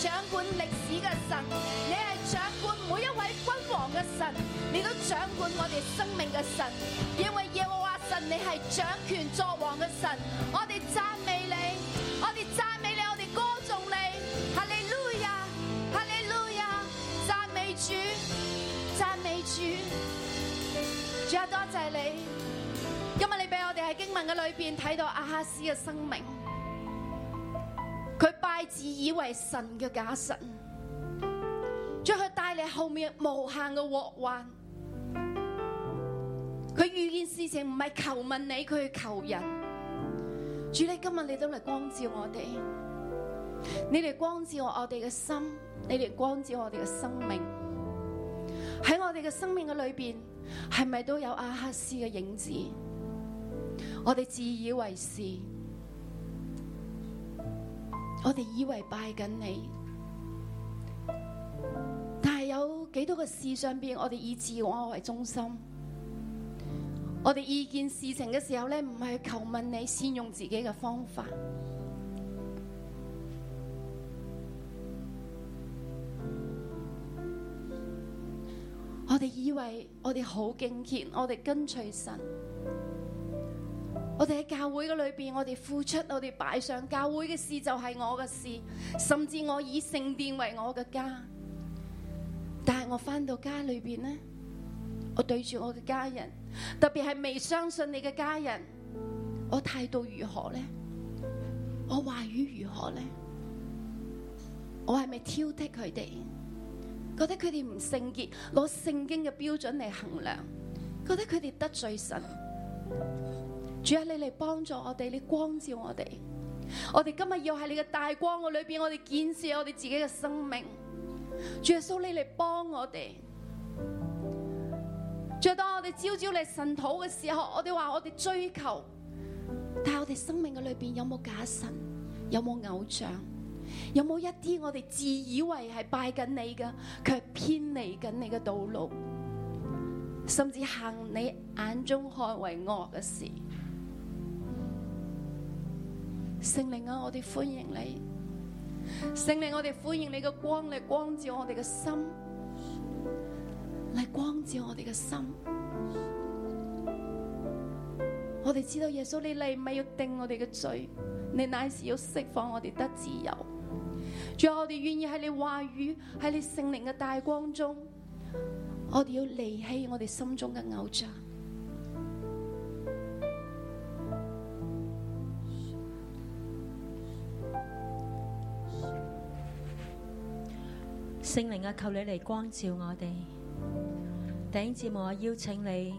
掌管歷史嘅神，你係掌管每一位君王嘅神，你都掌管我哋生命嘅神。因為耶和華神，你係掌權作王嘅神，我哋讚美你，我哋讚美你，我哋歌頌你。哈利路亞，哈利路亞，讚美主，讚美主，主啊，多謝你。今日你俾我哋喺經文嘅裏邊睇到阿哈斯嘅生命。佢拜自以為神嘅假神，將佢帶嚟後面無限嘅禍患。佢遇見事情唔係求問你，佢去求人。主你，你今日你都嚟光照我哋，你嚟光照我哋嘅心，你嚟光照我哋嘅生命。喺我哋嘅生命嘅裏邊，係咪都有亞哈斯嘅影子？我哋自以為是。我哋以為拜緊你，但係有幾多個事上邊，我哋以自我為中心，我哋意見事情嘅時候咧，唔係求問你，先用自己嘅方法。我哋以為我哋好敬虔，我哋跟隨神。我哋喺教會嘅裏邊，我哋付出，我哋擺上教會嘅事就係我嘅事，甚至我以聖殿為我嘅家。但係我翻到家裏邊呢，我對住我嘅家人，特別係未相信你嘅家人，我態度如何呢？我話語如何呢？我係咪挑剔佢哋？覺得佢哋唔聖潔，攞聖經嘅標準嚟衡量，覺得佢哋得罪神？主啊，你嚟幫助我哋，你光照我哋。我哋今日要喺你嘅大光嘅裏邊，我哋建設我哋自己嘅生命。主耶穌，你嚟幫我哋。主，當我哋朝朝嚟神討嘅時候，我哋話我哋追求，但係我哋生命嘅裏邊有冇假神？有冇偶像？有冇一啲我哋自以為係拜緊你嘅，卻偏離緊你嘅道路，甚至行你眼中看為惡嘅事？聖靈啊，我哋歡迎你！聖靈啊，我哋歡迎你嘅光嚟光照我哋嘅心，嚟光照我哋嘅心。我哋知道耶穌你嚟唔係要定我哋嘅罪，你乃是要釋放我哋得自由。仲有我哋願意喺你話語，喺你聖靈嘅大光中，我哋要離棄我哋心中嘅偶像。聖靈啊，求你嚟光照我哋。第一節目我邀請你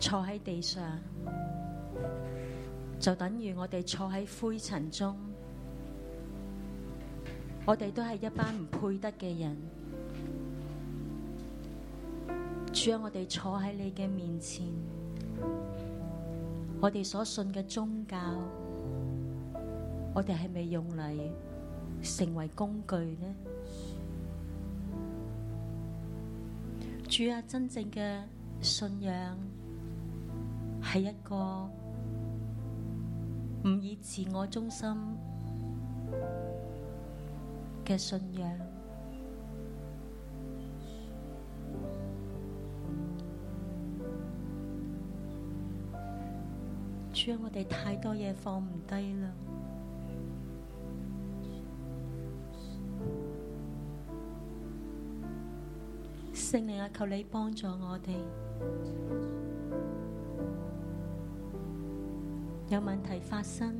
坐喺地上，就等於我哋坐喺灰塵中。我哋都係一班唔配得嘅人。主啊，我哋坐喺你嘅面前，我哋所信嘅宗教，我哋係咪用嚟成為工具呢？主啊，真正嘅信仰係一個唔以自我中心嘅信仰。主啊，我哋太多嘢放唔低啦。聖靈啊，求你幫助我哋。有問題發生，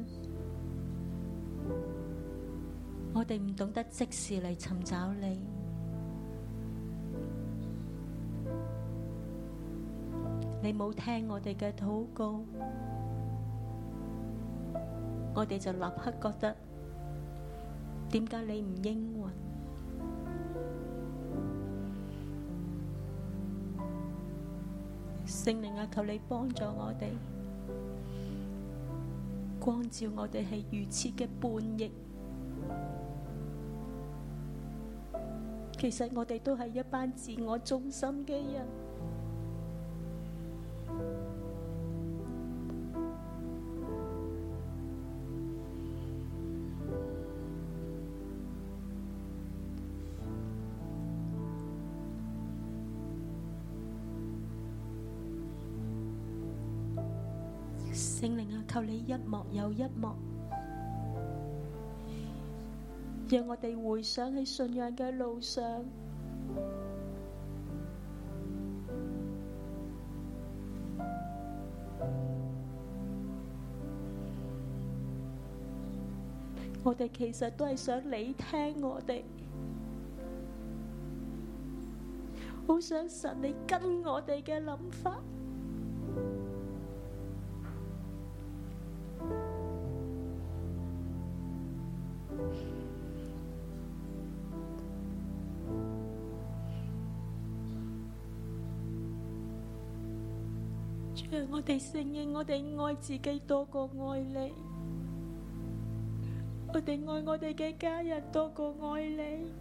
我哋唔懂得即時嚟尋找你。你冇聽我哋嘅禱告，我哋就立刻覺得，點解你唔應允？聖靈啊，求你幫助我哋，光照我哋係如此嘅叛逆。其實我哋都係一班自我中心嘅人。一幕又一幕，讓我哋回想喺信仰嘅路上，我哋其實都係想你聽我哋，好想神你跟我哋嘅諗法。我哋承認我哋愛自己多過愛你，我哋愛我哋嘅家人多過愛你，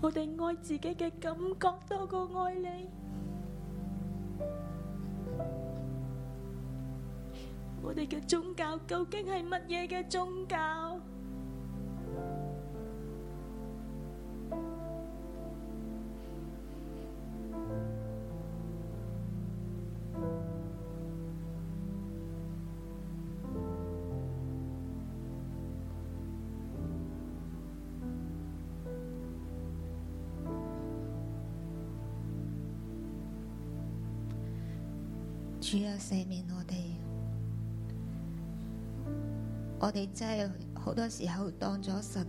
我哋愛自己嘅感覺多過愛你，我哋嘅宗教究竟係乜嘢嘅宗教？主啊，赦免我哋！我哋真係好多時候當咗神，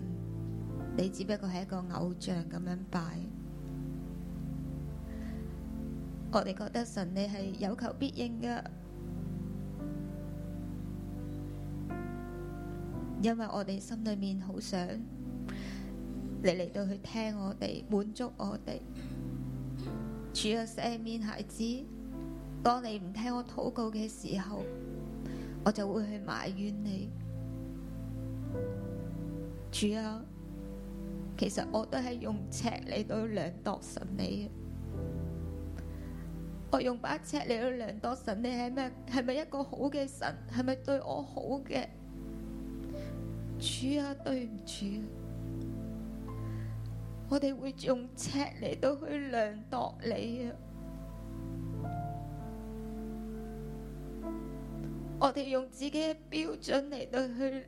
你只不過係一個偶像咁樣拜。我哋覺得神你係有求必應嘅，因為我哋心裏面好想你嚟到去聽我哋，滿足我哋。主啊，赦免孩子。當你唔聽我禱告嘅時候，我就會去埋怨你。主啊，其實我都係用尺嚟到量度神你嘅。我用把尺嚟到量度神你係咪係咪一個好嘅神？係咪對我好嘅？主啊，對唔住，我哋會用尺嚟到去量度你啊。我哋用自己嘅標準嚟到去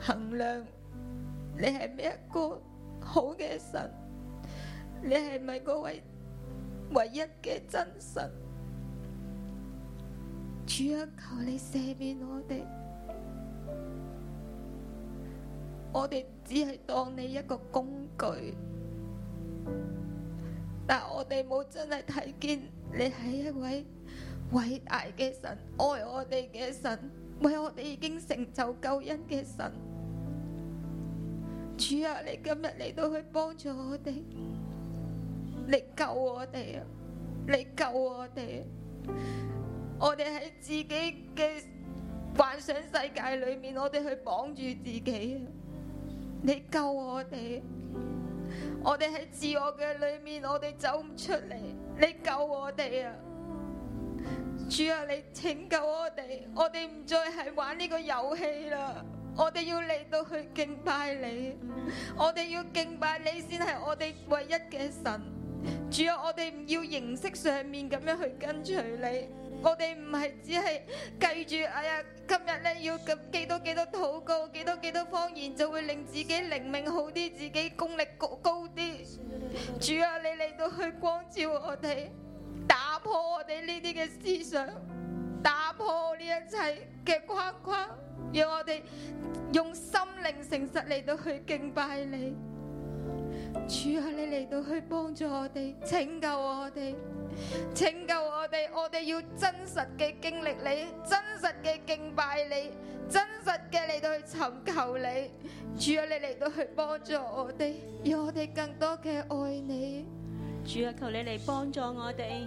衡量，你係咪一個好嘅神，你係咪嗰位唯一嘅真神？主啊，求你赦免我哋，我哋只係當你一個工具，但我哋冇真係睇見你係一位。偉大嘅神，愛我哋嘅神，為我哋已經成就救恩嘅神，主啊，你今日嚟到去幫助我哋，你救我哋啊，你救我哋啊，我哋喺自己嘅幻想世界裏面，我哋去綁住自己啊！你救我哋啊，我哋喺自我嘅裏面，我哋走唔出嚟，你救我哋啊！主啊，你拯救我哋，我哋唔再係玩呢個遊戲啦，我哋要嚟到去敬拜你，我哋要敬拜你先係我哋唯一嘅神。主啊，我哋唔要形式上面咁樣去跟隨你，我哋唔係只係記住哎呀，今日咧要咁幾多幾多禱告，幾多幾多方言就會令自己靈命好啲，自己功力高高啲。主啊，你嚟到去光照我哋。打破我哋呢啲嘅思想，打破呢一切嘅框框，讓我哋用心靈誠實嚟到去敬拜你。主啊，你嚟到去幫助我哋，拯救我哋，拯救我哋。我哋要真實嘅經歷你，真實嘅敬拜你，真實嘅嚟到去尋求你。主啊，你嚟到去幫助我哋，要我哋更多嘅愛你。主啊，求你嚟幫助我哋，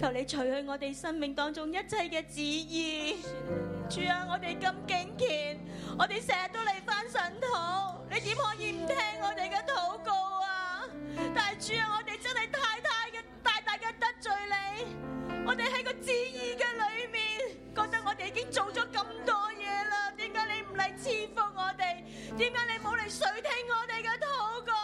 求你除去我哋生命當中一切嘅旨意。主啊，我哋咁敬虔，我哋成日都嚟翻神堂，你點可以唔聽我哋嘅禱告啊？但係主啊，我哋真係太太嘅、大大嘅得罪你，我哋喺個旨意嘅裏面，覺得我哋已經做咗咁多嘢啦，點解你唔嚟賜福我哋？點解你冇嚟垂聽我哋嘅禱告？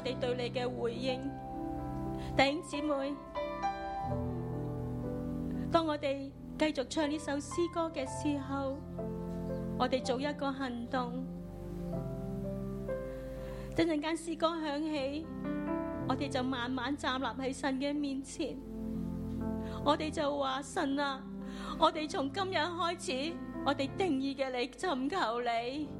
我哋對你嘅回應，弟兄姊妹。當我哋繼續唱呢首詩歌嘅時候，我哋做一個行動。等陣間詩歌響起，我哋就慢慢站立喺神嘅面前。我哋就話神啊，我哋從今日開始，我哋定義嘅你，尋求你。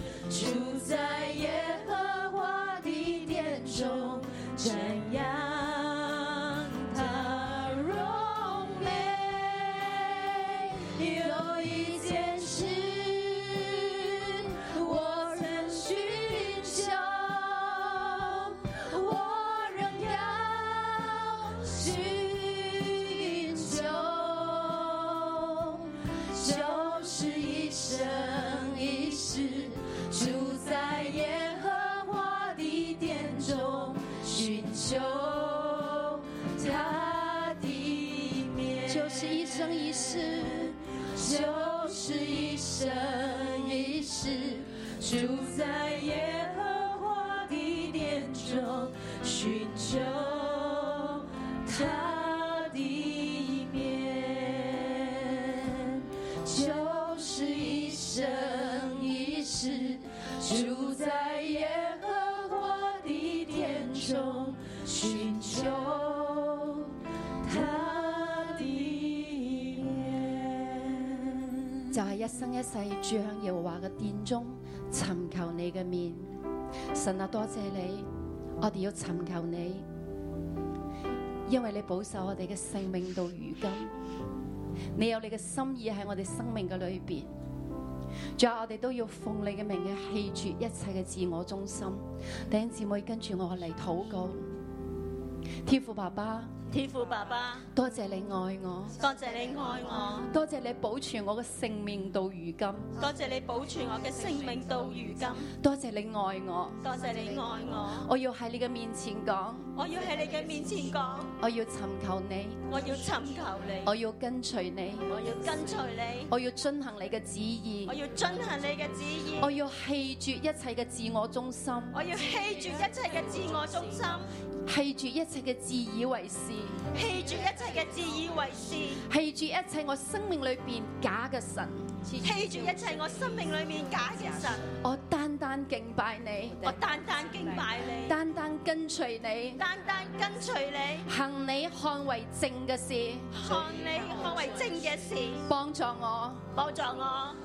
住在耶和華的殿中，瞻仰。一世住喺耶和華嘅殿中，尋求你嘅面。神啊，多謝你，我哋要尋求你，因為你保守我哋嘅性命到如今。你有你嘅心意喺我哋生命嘅裏邊，仲有我哋都要奉你嘅名嘅棄絕一切嘅自我中心。弟姊妹跟住我嚟禱告，天父爸爸。天父爸爸，多謝你愛我，多謝你愛我，多謝你保存我嘅性命到如今，多謝你保存我嘅性命到如今，多謝你愛我，多謝你愛我，我要喺你嘅面前講，我要喺你嘅面前講，我要尋求你，我要尋求你，我要跟隨你，我要跟隨你，我要進行你嘅旨意，我要進行你嘅旨意，我要棄絕一切嘅自我中心，我要棄絕一切嘅自我中心。棄住一切嘅自以為是，棄住一切嘅自以為是，棄住一切我生命裏邊假嘅神。棄住一切我生命裏面假嘅神，我單單敬拜你，我單單敬拜你，單單跟隨你，單單跟隨你，行你看為正嘅事，行你看為正嘅事，幫助我，幫助我，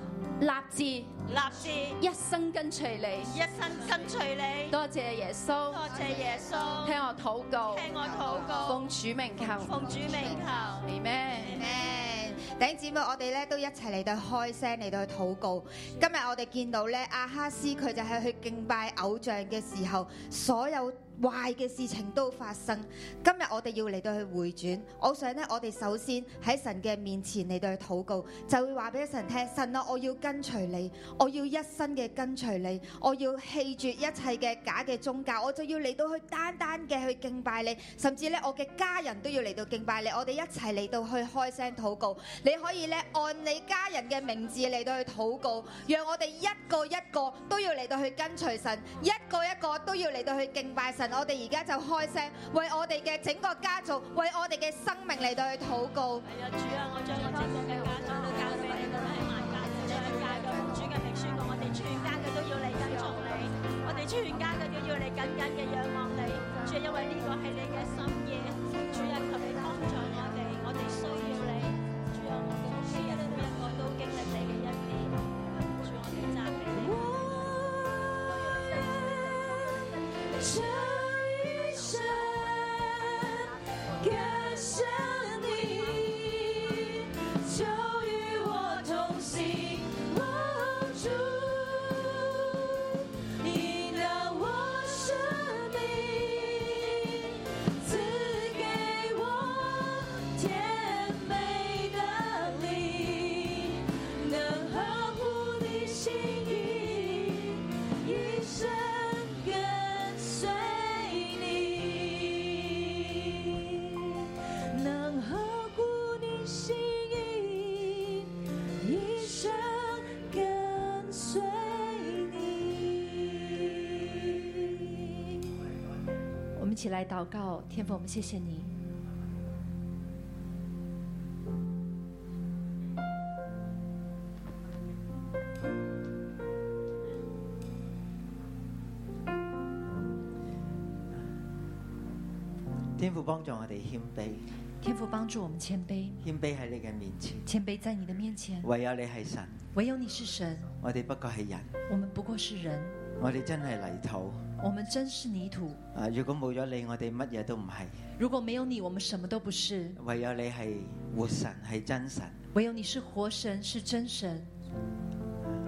立志立志，一生跟隨你，一生跟隨你，多謝耶穌，多謝耶穌，聽我禱告，聽我禱告，奉主名求，奉主名求，amen，amen，等姊妹我哋咧都一齊嚟到開。聲嚟到去禱告，今日我哋見到咧，阿哈斯佢就係去敬拜偶像嘅時候，所有。壞嘅事情都發生，今日我哋要嚟到去回轉。我想咧，我哋首先喺神嘅面前嚟到去禱告，就會話俾神聽：神啊，我要跟隨你，我要一生嘅跟隨你，我要棄絕一切嘅假嘅宗教，我就要嚟到去單單嘅去敬拜你。甚至咧，我嘅家人都要嚟到敬拜你。我哋一齊嚟到去開聲禱告。你可以咧按你家人嘅名字嚟到去禱告，讓我哋一個一個都要嚟到去跟隨神，一個一個都要嚟到去敬拜神。我哋而家就開聲，為我哋嘅整個家族，為我哋嘅生命嚟到去禱告。係啊，主啊，我將我整個家族都交俾你，都係萬界嘅主嘅名宣我哋全家嘅都要嚟跟從你，我哋全家嘅都要嚟緊緊嘅仰望你。主要因為呢個係你。起來禱告，天父，我們謝謝你。天父幫助我哋謙卑，天父幫助我們謙卑，謙卑喺你嘅面前，謙卑在你的面前，唯有你係神，唯有你是神，我哋不過係人，我們不過是人，我哋真係泥土。我們真是泥土。啊，如果冇咗你，我哋乜嘢都唔係。如果沒有你，我們什麼都不是。唯有你係活神，係真神。唯有你是活神，是真神。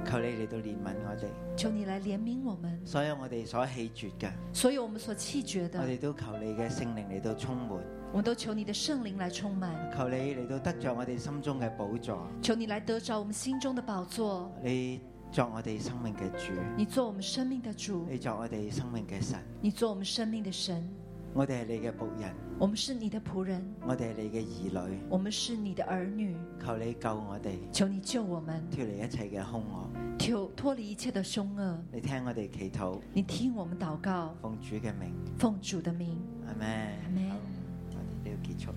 求你嚟到憐憫我哋。求你嚟憐憫我們。所有我哋所棄絕嘅。所有我們所棄絕的。我哋都求你嘅聖靈嚟到充滿。我都求你嘅聖靈嚟充滿。求你嚟到得着我哋心中嘅寶座。求你嚟得着我們心中嘅寶，寶座。你。作我哋生命嘅主，你做我們生命的主；你作我哋生命嘅神，你做我們生命的神。我哋係你嘅僕人，我們是你的僕人；我哋係你嘅兒女，我們是你的兒女。求你救我哋，求你救我們，脫離一切嘅凶惡，脫離一切的凶惡。你聽我哋祈禱，你聽我們禱告，奉主嘅名，奉主的名，阿門，阿門。我哋都要結束。